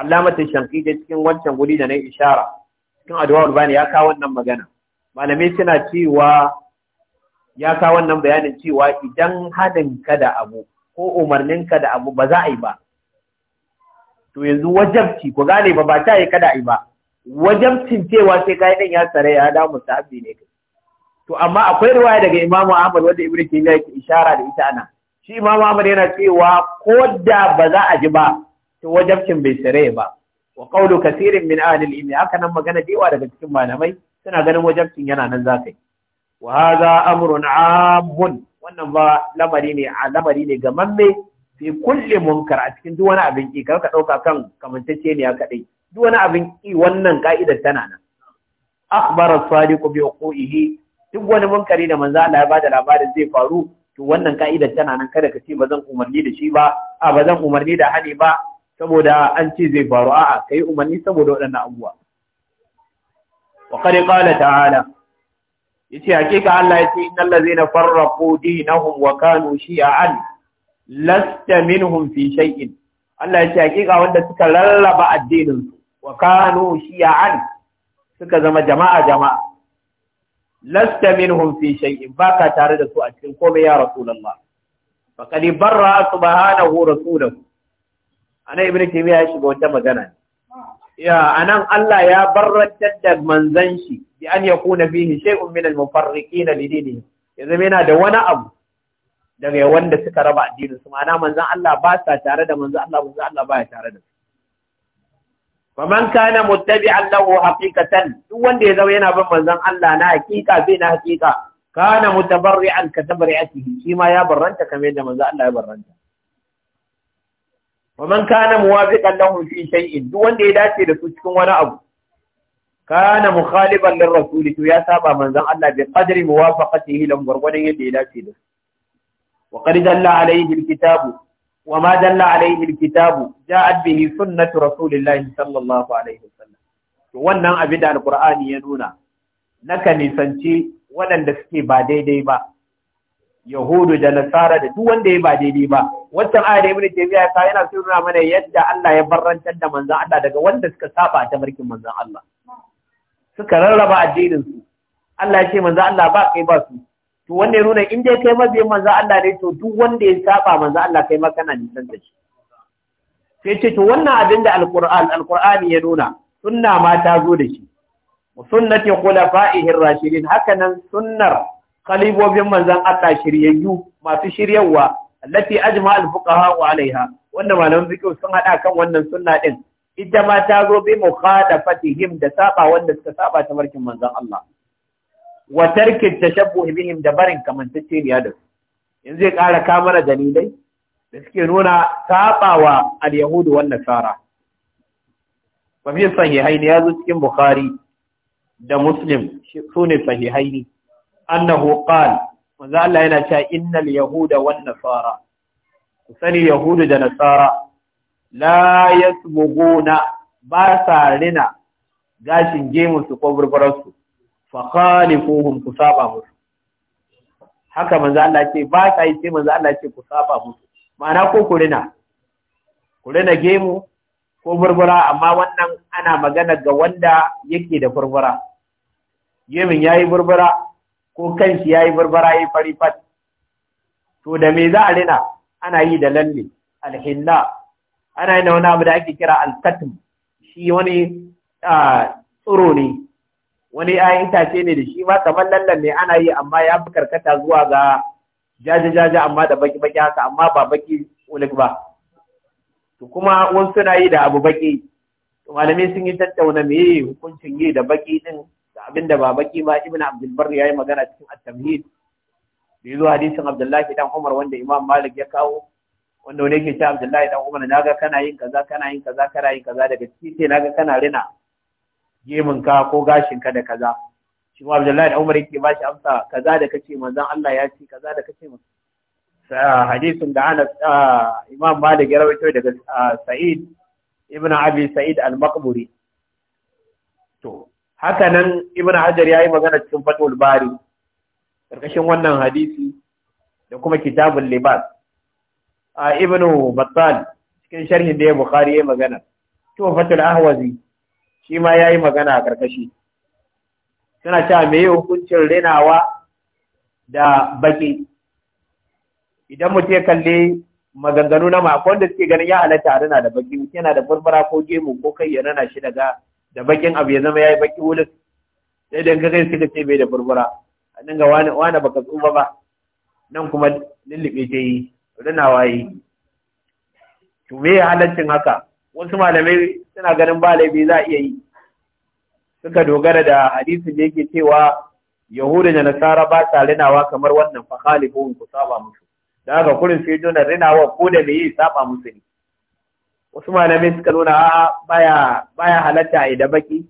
ta shanki da cikin wancan guri da na ishara cikin addu'a Bani ya kawo wannan magana malamai suna cewa ya kawo wannan bayanin cewa idan hadin ka da abu ko umarnin ka da abu ba za a yi ba to yanzu wajabci ku gane ba ba ta yi kada yi ba wajabcin cewa sai kai din ya tsare ya da mustahabi ne to amma akwai riwaya daga Imam Ahmad wanda Ibn Taymiyyah yake ishara da ita ana shi Imam Ahmad yana cewa ko da ba za a ji ba to wajabcin bai tsare ba wa qawlu kaseerin min ahli al-ilm haka nan magana dewa daga cikin malamai suna ganin wajabcin yana nan zakai wa hadha amrun amun wannan ba lamari ne a lamari ne ga mamme fi kulle munkar a cikin duk wani abin ki kar ka dauka kan kamantacce ne kadai duk wani abin ki wannan ka'idar tana nan akhbara sadiq bi uqihi duk wani munkari da manzo Allah ya bada labarin zai faru to wannan ka'idar tana nan kada ka ce ba zan umarni da shi ba a ba zan umarni da hali ba saboda an ce zai faru a'a kai umarni saboda waɗannan abubuwa wa qad qala ta'ala yace hakika Allah yace innal ladzina farraqu dinahum wa kanu shi'an lasta minhum fi shay'in Allah ya ce hakika wanda suka lallaba addinin su wa kanu shi'an suka zama jama'a jama'a lasta minhum fi shay'in baka tare da su a cikin komai ya rasulullah faqad barra subhanahu rasulahu ana ibnu taymiya ya shiga wata magana ya anan Allah ya barrantar da manzon shi bi an yakuna fihi shay'un min al-mufarriqin li dinihi yanzu yana da wani abu daga wanda suka raba addinin su ma'ana manzon Allah ba sa tare da manzon Allah manzon Allah ya tare da su man kana muttabi'an lahu haqiqatan duk wanda ya zama yana bin manzon Allah na haqiqa bai na haqiqa kana mutabarri'an ka tabarri'atihi shi ma ya barranta kamar yadda manzon Allah ya barranta man kana muwafiqan lahu fi shay'in duk wanda ya dace da su cikin wani abu kana mukhaliban lirrasuli to ya saba manzon Allah bi qadri muwafaqatihi lam gurgudan yadda ya dace da su وقد دل عليه الكتاب وما دل عليه الكتاب جاءت به سنة رسول الله صلى الله عليه وسلم wannan abin da alkur'ani ya nuna naka nisanci waɗanda suke ba daidai ba yahudu da nasara da duk wanda ya ba daidai ba wancan aya da ibnu taymiya ka yana so nuna mana yadda Allah ya barrantar da manzon Allah daga wanda suka saba ta barkin manzon Allah suka rarraba addinin su Allah ya ce manzon Allah ba kai ba su to wanda ya nuna in dai kai mabiyin manzo Allah ne to duk wanda ya saba manzo Allah kai ma kana nisan da shi sai ce to wannan abin da alqur'an alqur'ani ya nuna sunna ma ta zo da shi sunnati khulafa'ihi ar-rashidin hakanan sunnar khalifofin manzon Allah shiryayyu masu shiryawa allati ajma al-fuqaha alaiha wanda malaman fiqh sun hada kan wannan sunna din ita ma ta zo bi mukhalafatihim da saba wanda suka saba ta barkin manzon Allah wa tarkin tashabbuh bihim da barin kamantacceniya da su yanzu zai ƙara kamara dalilai da suke nuna saɓawa al-yahudu wan nasara fa fi sahihaini ya zo cikin bukhari da muslim sune sahihaini annahu qala manzo Allah yana cewa innal yahuda wan nasara sani yahudu da nasara la yasbuguna ba sa rina gashin gemunsu ko burburarsu fa ku saba musu haka manzo Allah ce ba sa yi sai manzo Allah ce ku saba musu ma'ana ko ku rina ku rina gemu ko burbura amma wannan ana magana ga wanda yake da burbura gemin yayi burbura ko kanshi yayi burbura yayi fari fat to da me za a rina ana yi da lalle alhinna ana yi da wani abu da ake kira alkatim shi wani ah, tsiro ne wani 'ya'yan itace ne da shi ma kamar lallan ne ana yi amma ya fi karkata zuwa ga jaje-jaje amma da baki-baki haka amma ba baki ulik ba to kuma wasu suna yi da abu baki malamai sun yi tattauna me hukuncin yi da baki din da abin da ba baki ba ibn abdul ya yi magana cikin at-tamhid da yazo hadisin abdullahi dan umar wanda imam malik ya kawo wanda wani yake ce abdullahi dan umar naga kana yin kaza kana yin kaza kana yin kaza daga ciki sai naga kana rina ka ko gashin ka da kaza shi ma Abdullahi Umar yake ba shi amsa kaza da kace manzon Allah ya ce kaza da kace hadisin da ana Imam Malik ya rawaito daga Sa'id ibn Abi Sa'id al-Maqburi to haka nan Ibn Hajar yayi magana cikin Fathul Bari karkashin wannan hadisi da kuma kitabul libas a Ibn Battal cikin sharhin da ya Bukhari ya magana to Fathul Ahwazi shi ma ya yi magana a ƙarƙashi. suna cewa me yi hukuncin rinawa da baki idan mutum ya kalli maganganu na mako wanda suke ganin ya halatta a rina da baki yana da barbara ko gemu ko kai ya rana shi daga da bakin abu ya zama ya yi baki wulin sai da gagai suka ce bai da barbara a dinga wani wani baka tsufa ba nan kuma lullube ta yi rinawa yi to me halaccin haka wasu malamai suna ganin ba laifi za a iya yi suka dogara da hadisin da yake cewa yahuda da nasara ba sa rinawa kamar wannan fa khalifun ku saba musu da haka kurin sai jona rinawa ko da me yi saba musu ne wasu malamai suka nuna a baya baya halatta a da baki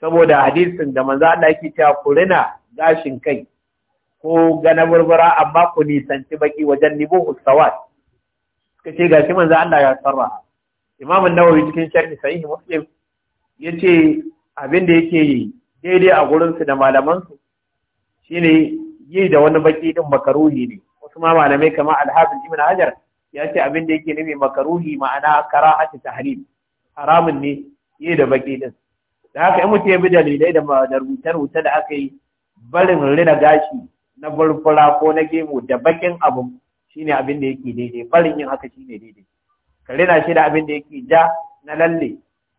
saboda hadisin da manzo Allah yake cewa ku rina gashin kai ko gana burbura amma ku nisanci baki wajen nibu sawat suka gashi manzo Allah ya sarrafa imam nawawi cikin sharhi sahihi muslim yace abin da yake daidai a gurin su da malaman su shine yi da wani baki din makaruhi ne wasu ma malamai kamar al-hafiz ibn hajar ya abin da yake nufi makaruhi ma'ana karahatu tahrim haramun ne yi da baki din da haka in mutum ya bi dalilai da rubuce-rubuce da aka yi barin rina gashi na burfura ko na gemu da bakin abu shine abin da yake daidai barin yin haka shine daidai ka rina shi da abin da yake ja na lalle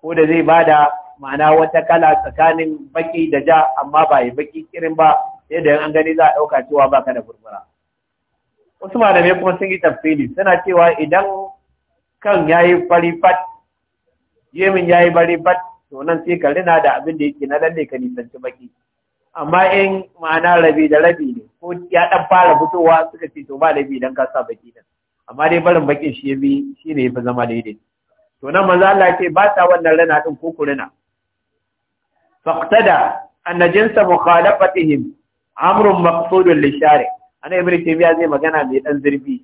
ko da zai da ma'ana wata kala tsakanin baki da ja amma ba yi baki kirin ba sai da an gani za a ɗauka cewa baka da furfura wasu malamai kuma sun yi tafsiri suna cewa idan kan yi fari fat yemin yi bari fat to nan sai ka rina da abin da yake na lalle ka nisanci baki amma in ma'ana rabi da rabi ne ko ya ɗan fara fitowa suka ce to ba rabi dan ka sa baki nan. amma dai barin bakin shi ya bi shi ne ya fi zama daidai to nan manzo Allah ce ba ta wannan rana din ko kurina faqtada na jinsa mukhalafatihim amrun maqsudun lishari ana ibnu taymiya zai magana mai dan zurfi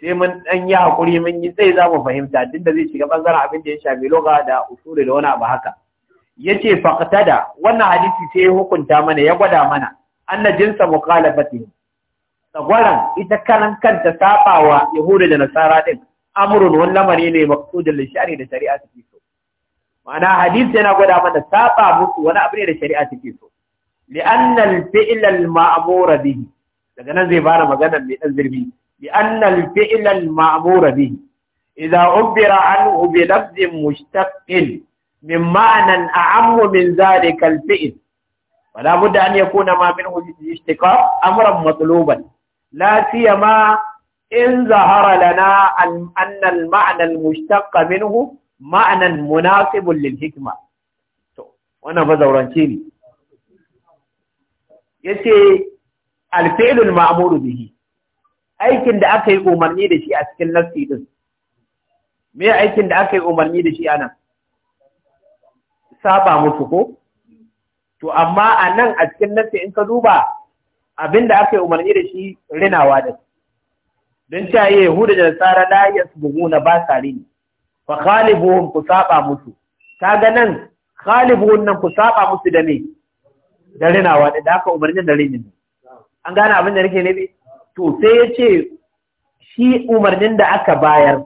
sai mun dan yi hakuri mun yi sai zamu fahimta duk da zai shiga bangaren abin da ya shafi lugha da usuli da wani abu haka yace faqtada wannan hadisi sai ya hukunta mana ya gwada mana na jinsa mukhalafatihim tsagwaran ita kanan kanta wa yahuda da nasara ɗin. amrun wani lamari ne maqsudul shari'a da shari'a take so ma'ana hadisi yana gwada mana saba musu wani abu ne da shari'a take so li'anna al-fi'l bihi daga nan zai fara magana mai dan zirbi li'anna al-fi'l bihi idza ubira anhu bi lafzin mushtaqin min ma'anan a'ammu min zalika al-fi'l ya بد أن يكون ما منه اشتقاق amran مطلوبا la siyama in zahara lana anna al-ma'na al-mushtaq minhu ma'nan munasibun lil hikma to wannan ba zaurance ne yace al-fi'lu al-ma'muru bihi aikin da aka yi umarni da shi a cikin nassi din me aikin da aka yi umarni da shi anan saba musu ko to amma anan a cikin nassi in ka duba da aka yi umarni da shi rinawa da don ta yi yahuda da nasara la na ba sa rini fa khalibuhum ku saba musu ga nan khalibuhum nan ku saba musu da me da rinawa da aka umarni da rinin an gane abin da nake nabi to sai ya ce shi umarnin da aka bayar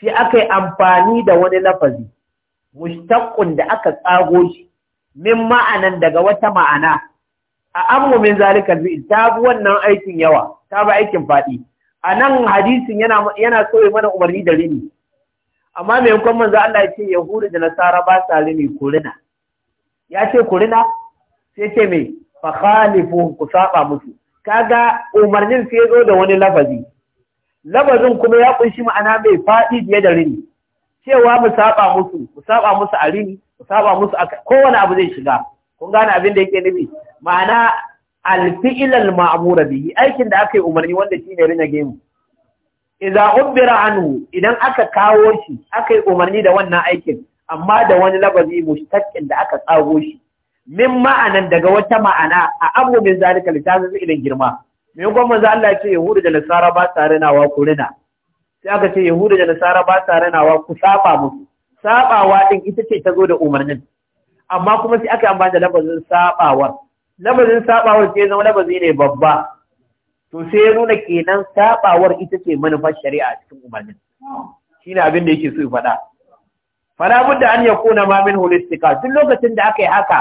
shi aka yi amfani da wani lafazi mushtaqqun da aka tsago shi min ma'anan daga wata ma'ana a ammu min zalika albi ta bi wannan aikin yawa ta bi aikin faɗi a nan hadisin yana yana so mana umarni da rini amma mai yankon manzo Allah ya ce yahudu da nasara ba sa rini kurina ya ce kurina sai ce me fa khalifu ku saba musu kaga umarnin sai zo da wani lafazi lafazin kuma ya kunshi ma'ana mai faɗi biye da rini cewa mu saba musu mu saba musu a rini mu saba musu a kowane abu zai shiga kun gane abin da yake nufi ma'ana alfi'ilal ma'amura bihi aikin da aka yi umarni wanda shi ne rina gemu idan ubira anhu idan aka kawo shi aka yi umarni da wannan aikin amma da wani labari mushtaqqin da aka tsago shi min ma'anan daga wata ma'ana a abu min zalika litazu idan girma me yakon manzo Allah ya ce yahudu da nasara ba sa rinawa ku rina sai aka ce yahudu da nasara ba sa wa ku saba musu sabawa din ita ce ta zo da umarnin amma kuma sai aka da labarin sabawar lafazin sabawar sai zama lafazi ne babba to sai ya nuna kenan sabawar ita ce manufar shari'a cikin umarnin shine abin da yake so ya faɗa fala budda an yakuna ma min holistika duk lokacin da aka yi haka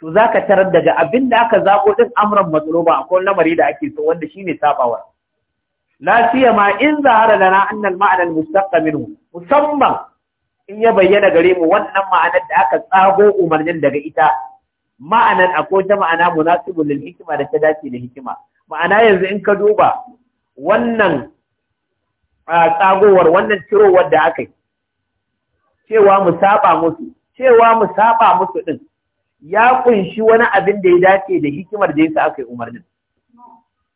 to zaka tarar daga abin da aka zabo din amran a akwai lamari da ake so wanda shine sabawar la siyama in zahara lana anna ma'anar mana al musamman in ya bayyana gare mu wannan ma'anar da aka tsago umarnin daga ita ma'anar akwai ta ma'ana munasibu lil hikima da ta dace da hikima ma'ana yanzu in ka duba wannan tsagowar wannan cirowar da aka yi cewa mu saba musu cewa mu saba musu din ya kunshi wani abin da ya dace da hikimar da yasa aka yi umarnin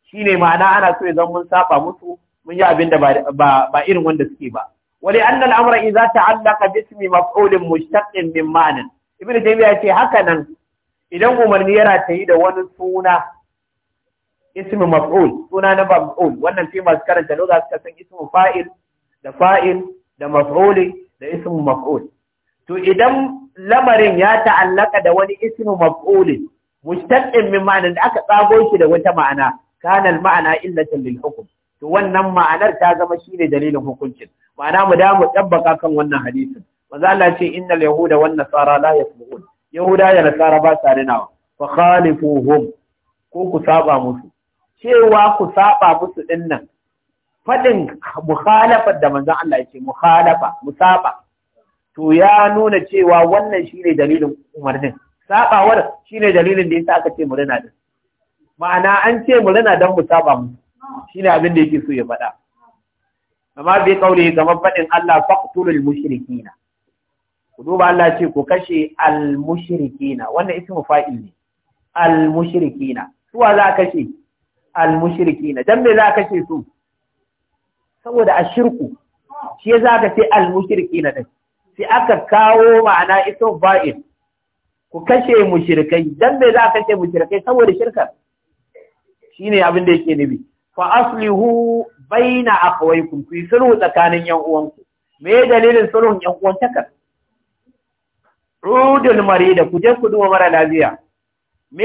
shine ma'ana ana so idan mun saba musu mun yi abin da ba irin wanda suke ba wali annal amra idza ta'allaqa bi ismi maf'ulin mushtaqqin min ma'nan ibnu ya ce haka nan idan umarni yana tayi da wani suna ismi maf'ul suna na maf'ul wannan sai masu karanta lugha suka san ismu fa'il da fa'il da maf'uli da ismu maf'ul to idan lamarin ya ta'allaka da wani ismu maf'ulin mustaqqin min ma'anin da aka tsago shi da wata ma'ana kana ma'ana illatan lil hukm to wannan ma'anar ta zama shine dalilin hukuncin ma'ana mu da mu tabbaka kan wannan hadisin manzo Allah ce innal yahuda wan nasara la yasmu'un yahuda da nasara ba sa rinawa fa khalifuhum ko ku saba musu cewa ku saba musu din nan fadin mukhalafar da manzan Allah yake mukhalafa musaba to ya nuna cewa wannan shine dalilin umarnin sabawar shine dalilin da yasa aka ce mu rina din ma'ana an ce mu rina dan mu saba mu shine abin da yake so ya faɗa amma bai kaure kamar faɗin Allah faqtulul mushrikina ku duba Allah ce ku kashe al-mushrikina wannan ismu fa'il ne al-mushrikina wa za kashe al-mushrikina dan me za kashe su saboda ashirku shi za ka ce al-mushrikina din sai aka kawo ma'ana ismu fa'il ku kashe mushrikai dan me za kashe mushrikai saboda shirka shine abin da yake nabi fa aslihu baina akhawaykum fi sulhu tsakanin yan uwanku me dalilin sulhun yan uwan takar Rudin marida ku je ku duba mara lafiya me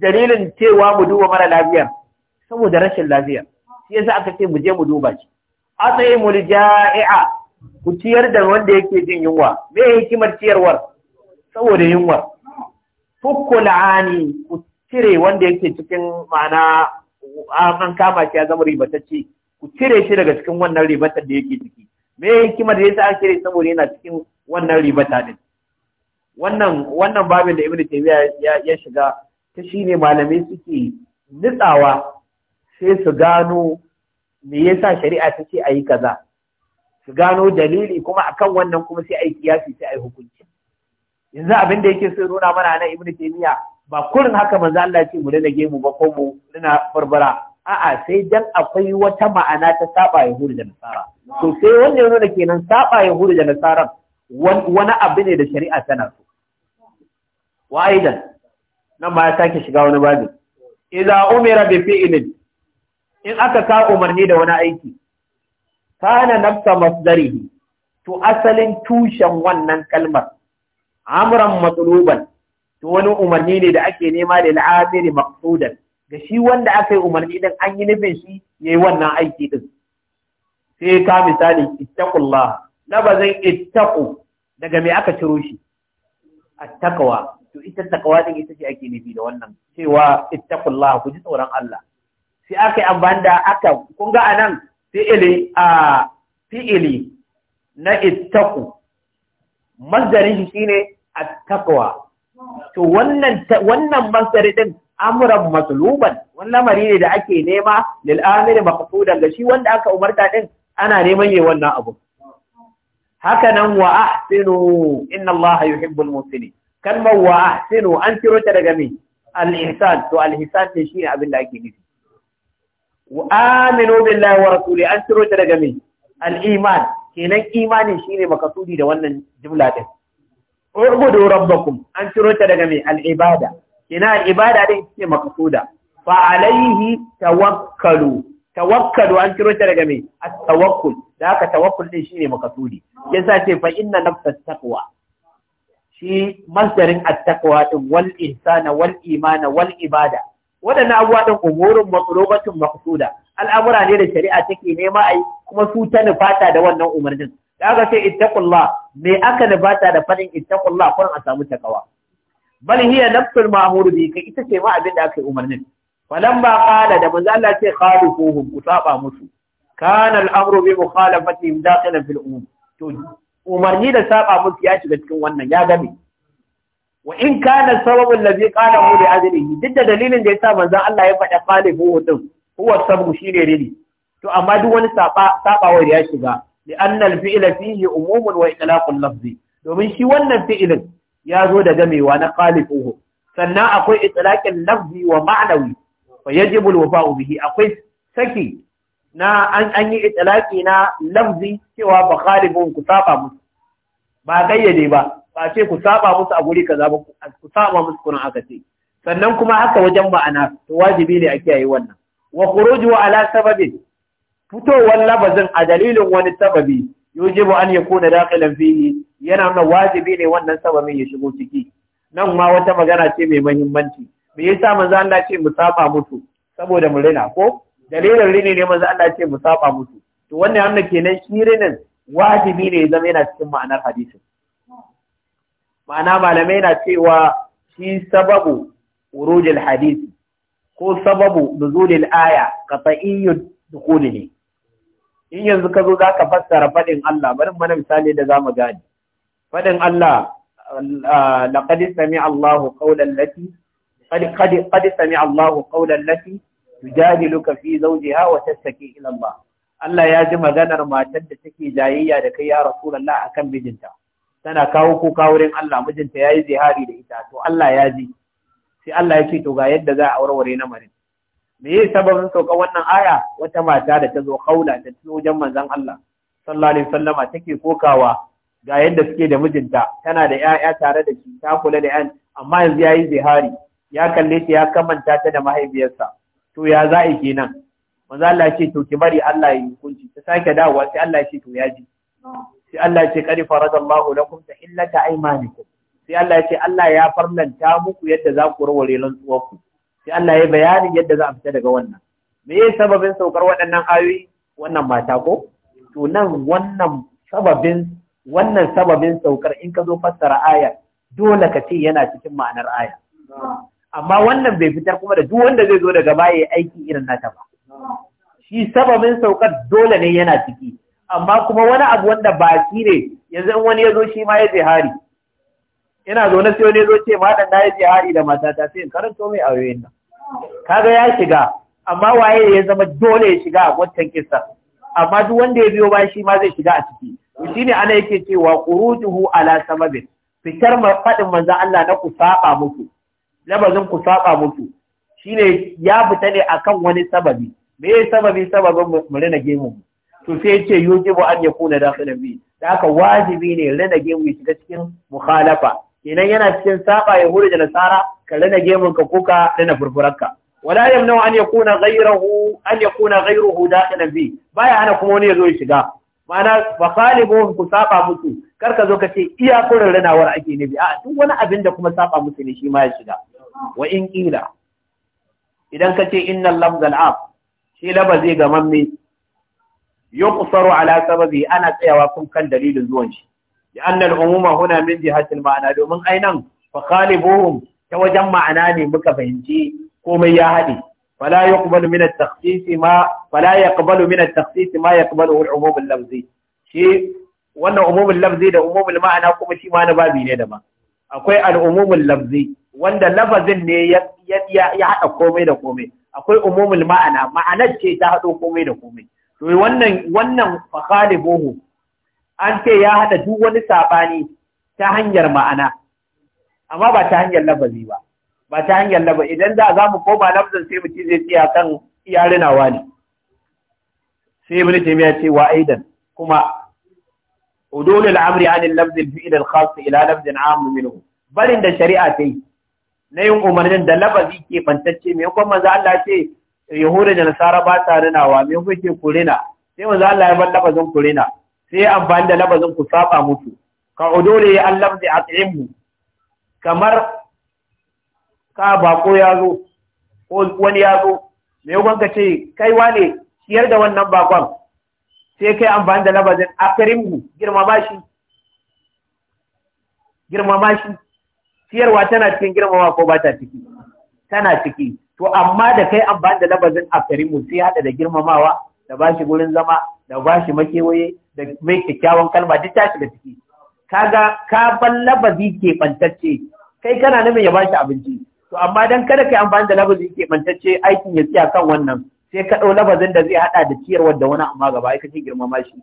dalilin cewa mu duba mara lafiya saboda rashin lafiya shi yasa aka ce mu je mu duba shi atayimul ja'i'a ku ciyar da wanda yake jin yunwa me hikimar ciyarwar saboda yunwa fukkul ani ku cire wanda yake cikin ma'ana an kama shi ya zama ribatacce ku cire shi daga cikin wannan ribatar da yake ciki me hikimar da yasa aka cire saboda yana cikin wannan ribata din wannan wannan babin da ibnu taymiya ya shiga ta shine malamai suke nitsawa sai su gano me yasa shari'a ta ce ayi kaza su gano dalili kuma akan wannan kuma sai ayi kiyasi sai ayi hukunci yanzu abin da yake so nuna mana nan ibnu taymiya ba kurin haka manzo Allah ya ce mu dana gemu ba ko mu dana barbara a'a sai dan akwai wata ma'ana ta saba yahudu da nasara to sai wanda ya kenan saba yahudu da nasara wani abu ne da shari'a tana so wa'idan nan ma ya sake shiga wani babin. idza umira bi fi'lin in aka ka umarni da wani aiki kana nafsa masdarihi to asalin tushen wannan kalmar amran matluban to wani umarni ne da ake nema da al'amiri maqsudan ga shi wanda aka yi umarni din an yi nufin shi yayi wannan aiki din sai ka misali ittaqullah labazin ittaqu daga me aka ciro shi attaqwa to ita takawa din ita ce ake nufi da wannan cewa ittaqullah ku ji tsoron Allah sai aka yi amfani da aka kun ga anan fi'ili a fi'ili na ittaqu masdarin shi shine at-taqwa to wannan wannan masdari din amran masluban wannan lamari ne da ake nema lil amiri maqsudan ga shi wanda aka umarta din ana neman yi wannan abu haka nan wa ahsinu inna allaha yuhibbul muhsinin kalmar wa ahsinu an ciro ta daga min al-ihsan to al-ihsan ne shine abin da ake nufi wa aminu billahi wa rasuli an ciro ta daga min al-iman kenan imani shine makasudi da wannan jumla din ubudu rabbakum an ciro ta daga me al-ibada kenan al-ibada din shine makasuda fa alaihi tawakkalu tawakkalu an ciro ta daga min at-tawakkul da haka tawakkul din shine makasudi yasa ce fa inna nafsat taqwa shi masdarin attaqwa din wal na wal imana wal ibada wadannan abuwa din umurun matlubatun maqsuda al'amura ne da shari'a take nema ai kuma su ta nufata da wannan umarnin kaga sai ittaqullah me aka nufata da fadin ittaqullah kun a samu takawa bal hiya nafsul ma'mur bi kai ita ce ma abin da aka yi umarnin falamma qala da manzo Allah ce khaliquhum ku musu kana al'amru bi mukhalafati dakhilan fil umum to umarni da saba musu ya shiga cikin wannan ya game wa in kana sababul ladhi qala hu li ajlihi duk da dalilin da ya yasa manzon Allah ya faɗa qalihu din huwa sabu shine rini to amma duk wani saba ya shiga li anna al-fi'la fihi umumun wa itlaqul lafzi domin shi wannan fi'ilin ya zo da gamewa na qalihu sannan akwai itlaqul lafzi wa ma'nawi fa yajibu al-wafa'u bihi akwai saki na an yi itilaki na lafzi cewa ba khalifun ku saba musu ba gayyade ba ba ce ku saba musu a guri kaza ba ku saba musu kuna aka ce sannan kuma haka wajen ma'ana to wajibi ne a kiyaye wannan wa khuruju ala sababin fitowar labazin a dalilin wani sababi yujibu an yakuna dakhilan fihi yana nuna wajibi ne wannan sababin ya shigo ciki nan ma wata magana ce mai muhimmanci me yasa manzo Allah ce mu saba musu saboda mu rina ko dalilin rini ne manzo Allah ce mu saba musu to wannan hannu kenan shi rinin wajibi ne ya zama yana cikin ma'anar hadisin ma'ana malamai na cewa shi sababu urujil hadisi ko sababu nuzulil aya qat'iyyud dukhuli ne in yanzu ka zo za ka fassara faɗin Allah bari mana misali da za mu gani faɗin Allah laqad sami Allahu qawlan lati qad tujadiluka fi zawjiha wa tashtaki ila Allah Allah ya ji maganar matar da take jayayya da kai ya Rasulullah akan mijinta tana kawo kuka wurin Allah mijinta ya yi zihari da ita to Allah ya ji sai Allah ya ce to ga yadda za a warware namarin. me yasa sababin sauka wannan aya wata mata da ta zo haula ta tuno wajen manzon Allah sallallahu alaihi wasallama take kokawa ga yadda suke da mijinta tana da 'ya'ya tare da shi ta kula da 'yan amma yanzu yayi zihari ya kalle ta ya kamanta ta da mahaifiyarsa to ya za a kenan manzo Allah ce to ki bari Allah ya hukunci ta sake dawowa sai Allah ce to ya ji sai Allah ce qad faradallahu lakum tahillata aymanikum sai Allah ce Allah ya farlanta muku yadda za ku warware ku sai Allah ya yi bayanin yadda za a fita daga wannan me ya sababin saukar waɗannan ayoyi wannan mata ko to nan wannan sababin wannan sababin saukar in ka zo fassara aya dole ka ce yana cikin ma'anar aya amma wannan bai fitar kuma da duk wanda zai zo daga baya aiki irin nata ba shi sababin saukar dole ne yana ciki amma kuma wani abu wanda ba shi ne yanzu in wani ya zo shi ma ya hari. ina zo na sai wani ya zo ce ma dan na ya hari da matata sai in karanto mai ayoyin nan kaga ya shiga amma waye ya zama dole ya shiga a wancan kissa amma duk wanda ya biyo ba shi ma zai shiga a ciki shine ana yake cewa qurujuhu ala sababin fitar faɗin manzan Allah na ku saɓa muku lafazin ku saba musu shine ya fita ne akan wani sababi me ya sababi sababin mu rina gemu to sai ce yujibu an yakuna dakhilan bi da haka wajibi ne rina gemu ya shiga cikin mukhalafa kenan yana cikin saba ya huri da nasara ka rina gemun ka ko ka rina furfuranka wala yamnu an yakuna ghayruhu an yakuna ghayruhu dakhilan bi baya ana kuma wani yazo ya shiga mana ba khalibun ku saba musu kar ka zo ka ce iya kurin rinawar ake ne bi a duk wani abin da kuma saba musu ne shi ma ya shiga wa in ƙila idan ka ce innan lamzal ab shi laba zai ga mamme yau kusaro ala sababi ana tsayawa kun kan dalilin zuwan shi ya annal umuma huna min jihatil ma'ana domin ainan fa khalibuhum ta wajen ma'ana ne muka fahimci komai ya haɗe fala yaqbalu min at-takhsis ma fala yaqbalu min at-takhsis ma yaqbalu al-umum al-lafzi shi wannan umumul lafzi da umumul ma'ana kuma shi ma na babi ne daban akwai al-umumul lafzi wanda lafazin ne ya haɗa komai da komai akwai umumul ma'ana ma'anar ce ta haɗo komai da komai to wannan wannan fakhalibuhu an ce ya haɗa duk wani sabani ta hanyar ma'ana amma ba ta hanyar lafazi ba ba ta hanyar lafazi idan za za mu koma lafazin sai mu ci zai tsaya kan yarinawa ne sai ibnu taymiya ce wa aidan kuma udulul amri anil lafzi al fi'l al khas ila lafzin am minhu barin da shari'a tayi na yin umarnin da lafazi ke bantacce mai kuma manzo Allah ce yahuda da nasara ba ta rinawa mai kuma ke kurina sai manzo Allah ya bar lafazin kurina sai ya amfani da lafazin ku saba mutu ka udure an a at'imhu kamar ka bako ya zo ko wani ya zo Mai kuma ka ce kai wane ciyar da wannan bakon sai kai amfani da lafazin akrimhu girmama shi girmama shi ciyarwa tana cikin girmamawa ko ba ta ciki tana ciki to amma da kai amfani da labazin akarimu sai hada da girmamawa da ba shi gurin zama da ba shi makewaye da mai kyakkyawan kalma duk ta shiga ciki kaga ka ban labazi ke bantacce kai kana nemi ya bashi abinci to amma dan kada kai amfani da labazi ke bantacce aikin ya tsaya kan wannan sai ka dau labazin da zai hada da ciyarwar da wani amma gaba ai kake girmama shi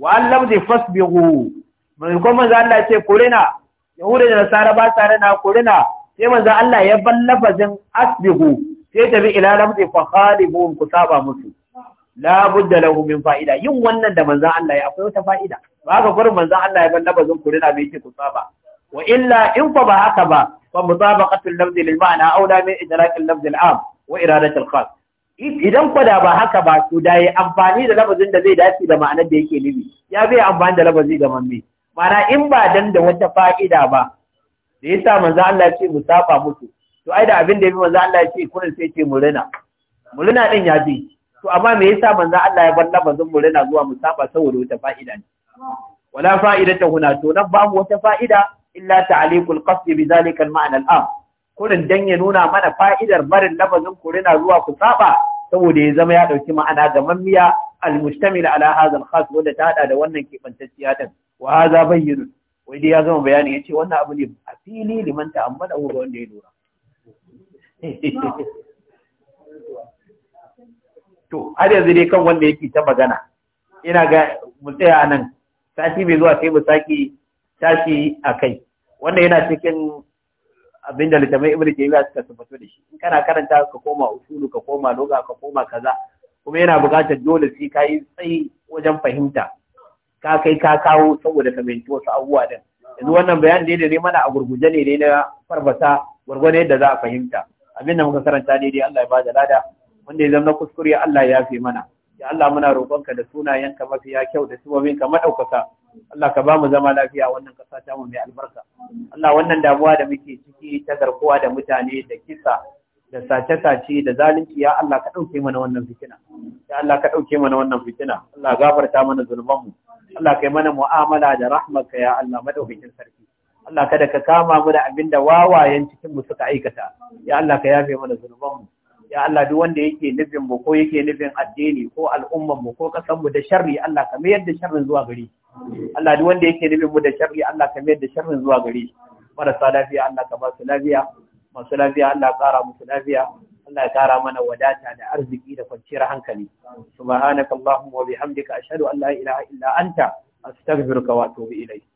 wa allam zai fasbihu mai kuma manzo Allah ya ce kurena yahuda da nasara ba sa rana kurina sai manzo Allah ya ban lafazin asbihu sai tafi ila lamzi fa khalibuhum ku saba musu la budda lahu min fa'ida yin wannan da manzo Allah ya akwai wata fa'ida ba ga gurin manzo Allah ya ban lafazin kurina bai ce ku saba wa illa in fa ba haka ba fa mutabaqatul lafzi lil ma'na aula min idrakil lafzi al am wa iradatul khas idan kwada ba haka ba su da yi amfani da labazin da zai dace da ma'anar da yake nufi ya bai amfani da labazi ga mamme Mana in ba dan da wata fa'ida ba, da ya manzo Allah ce mu saba musu, to ai da abin da ya bi manzo Allah ce kurin sai ce murina murina din ya bi, to amma me yasa manzo Allah ya bar lafazin murina zuwa mu saba saboda wata fa'ida ne. Wala fa'idata huna to nan ba wata fa'ida illa ta'liqul qasd bi zalika al-ma'na al-am. Kurin dan ya nuna mana fa'idar barin lafazin kurina zuwa ku saba saboda ya zama ya ɗauki ma'ana ga mammiya al-mustamil ala hadha al-khas wanda ta hada da wannan kibantacciya din wa hadha bayyin wai dai ya zama bayani yace wannan abu ne a fili liman ta amma da ga wanda ya lura to har yanzu dai kan wanda yake ta magana ina ga mu tsaya anan sati mai zuwa sai mu saki tashi a kai wanda yana cikin abin da littafin ibnu taymiya suka tabbato da shi in kana karanta ka koma usulu ka koma loga ka koma kaza kuma yana buƙatar dole sai kai tsayi wajen fahimta ka kai ka kawo saboda ka fahimci wasu abubuwa din yanzu wannan bayan da ne mana a gurguje ne dai na farfasa gwargwado yadda za a fahimta abin da muka karanta dai Allah ya ba da lada wanda ya zama kuskure Allah ya fi mana ya Allah muna roƙonka da sunayenka mafiya kyau da ka madaukaka Allah ka ba mu zama lafiya wannan kasa ta mu mai albarka Allah wannan damuwa da muke ciki ta garkuwa da mutane da kisa da sace-sace da zalunci ya Allah ka ɗauke mana wannan fitina ya Allah ka ɗauke mana wannan fitina Allah gafarta mana zunubanmu Allah kai mana mu'amala da rahmarka ya Allah madaukakin sarki Allah kada ka kama mu da abin da wawayen cikin mu suka aikata ya Allah ka yafe mana zulmanmu. ya Allah duk wanda yake nufin mu ko yake nufin addini ko al'umman mu ko kasan mu da sharri Allah ka mayar da sharrin zuwa gari Allah duk wanda yake nufin mu da sharri Allah ka mayar da sharrin zuwa gari marasa lafiya Allah ka ba su lafiya masu lafiya Allah ƙara musu lafiya Allah ya ƙara mana wadata da arziki da kwanciyar hankali subhanakallahumma wa bihamdika ashhadu an la ilaha illa anta astaghfiruka wa atubu ilayk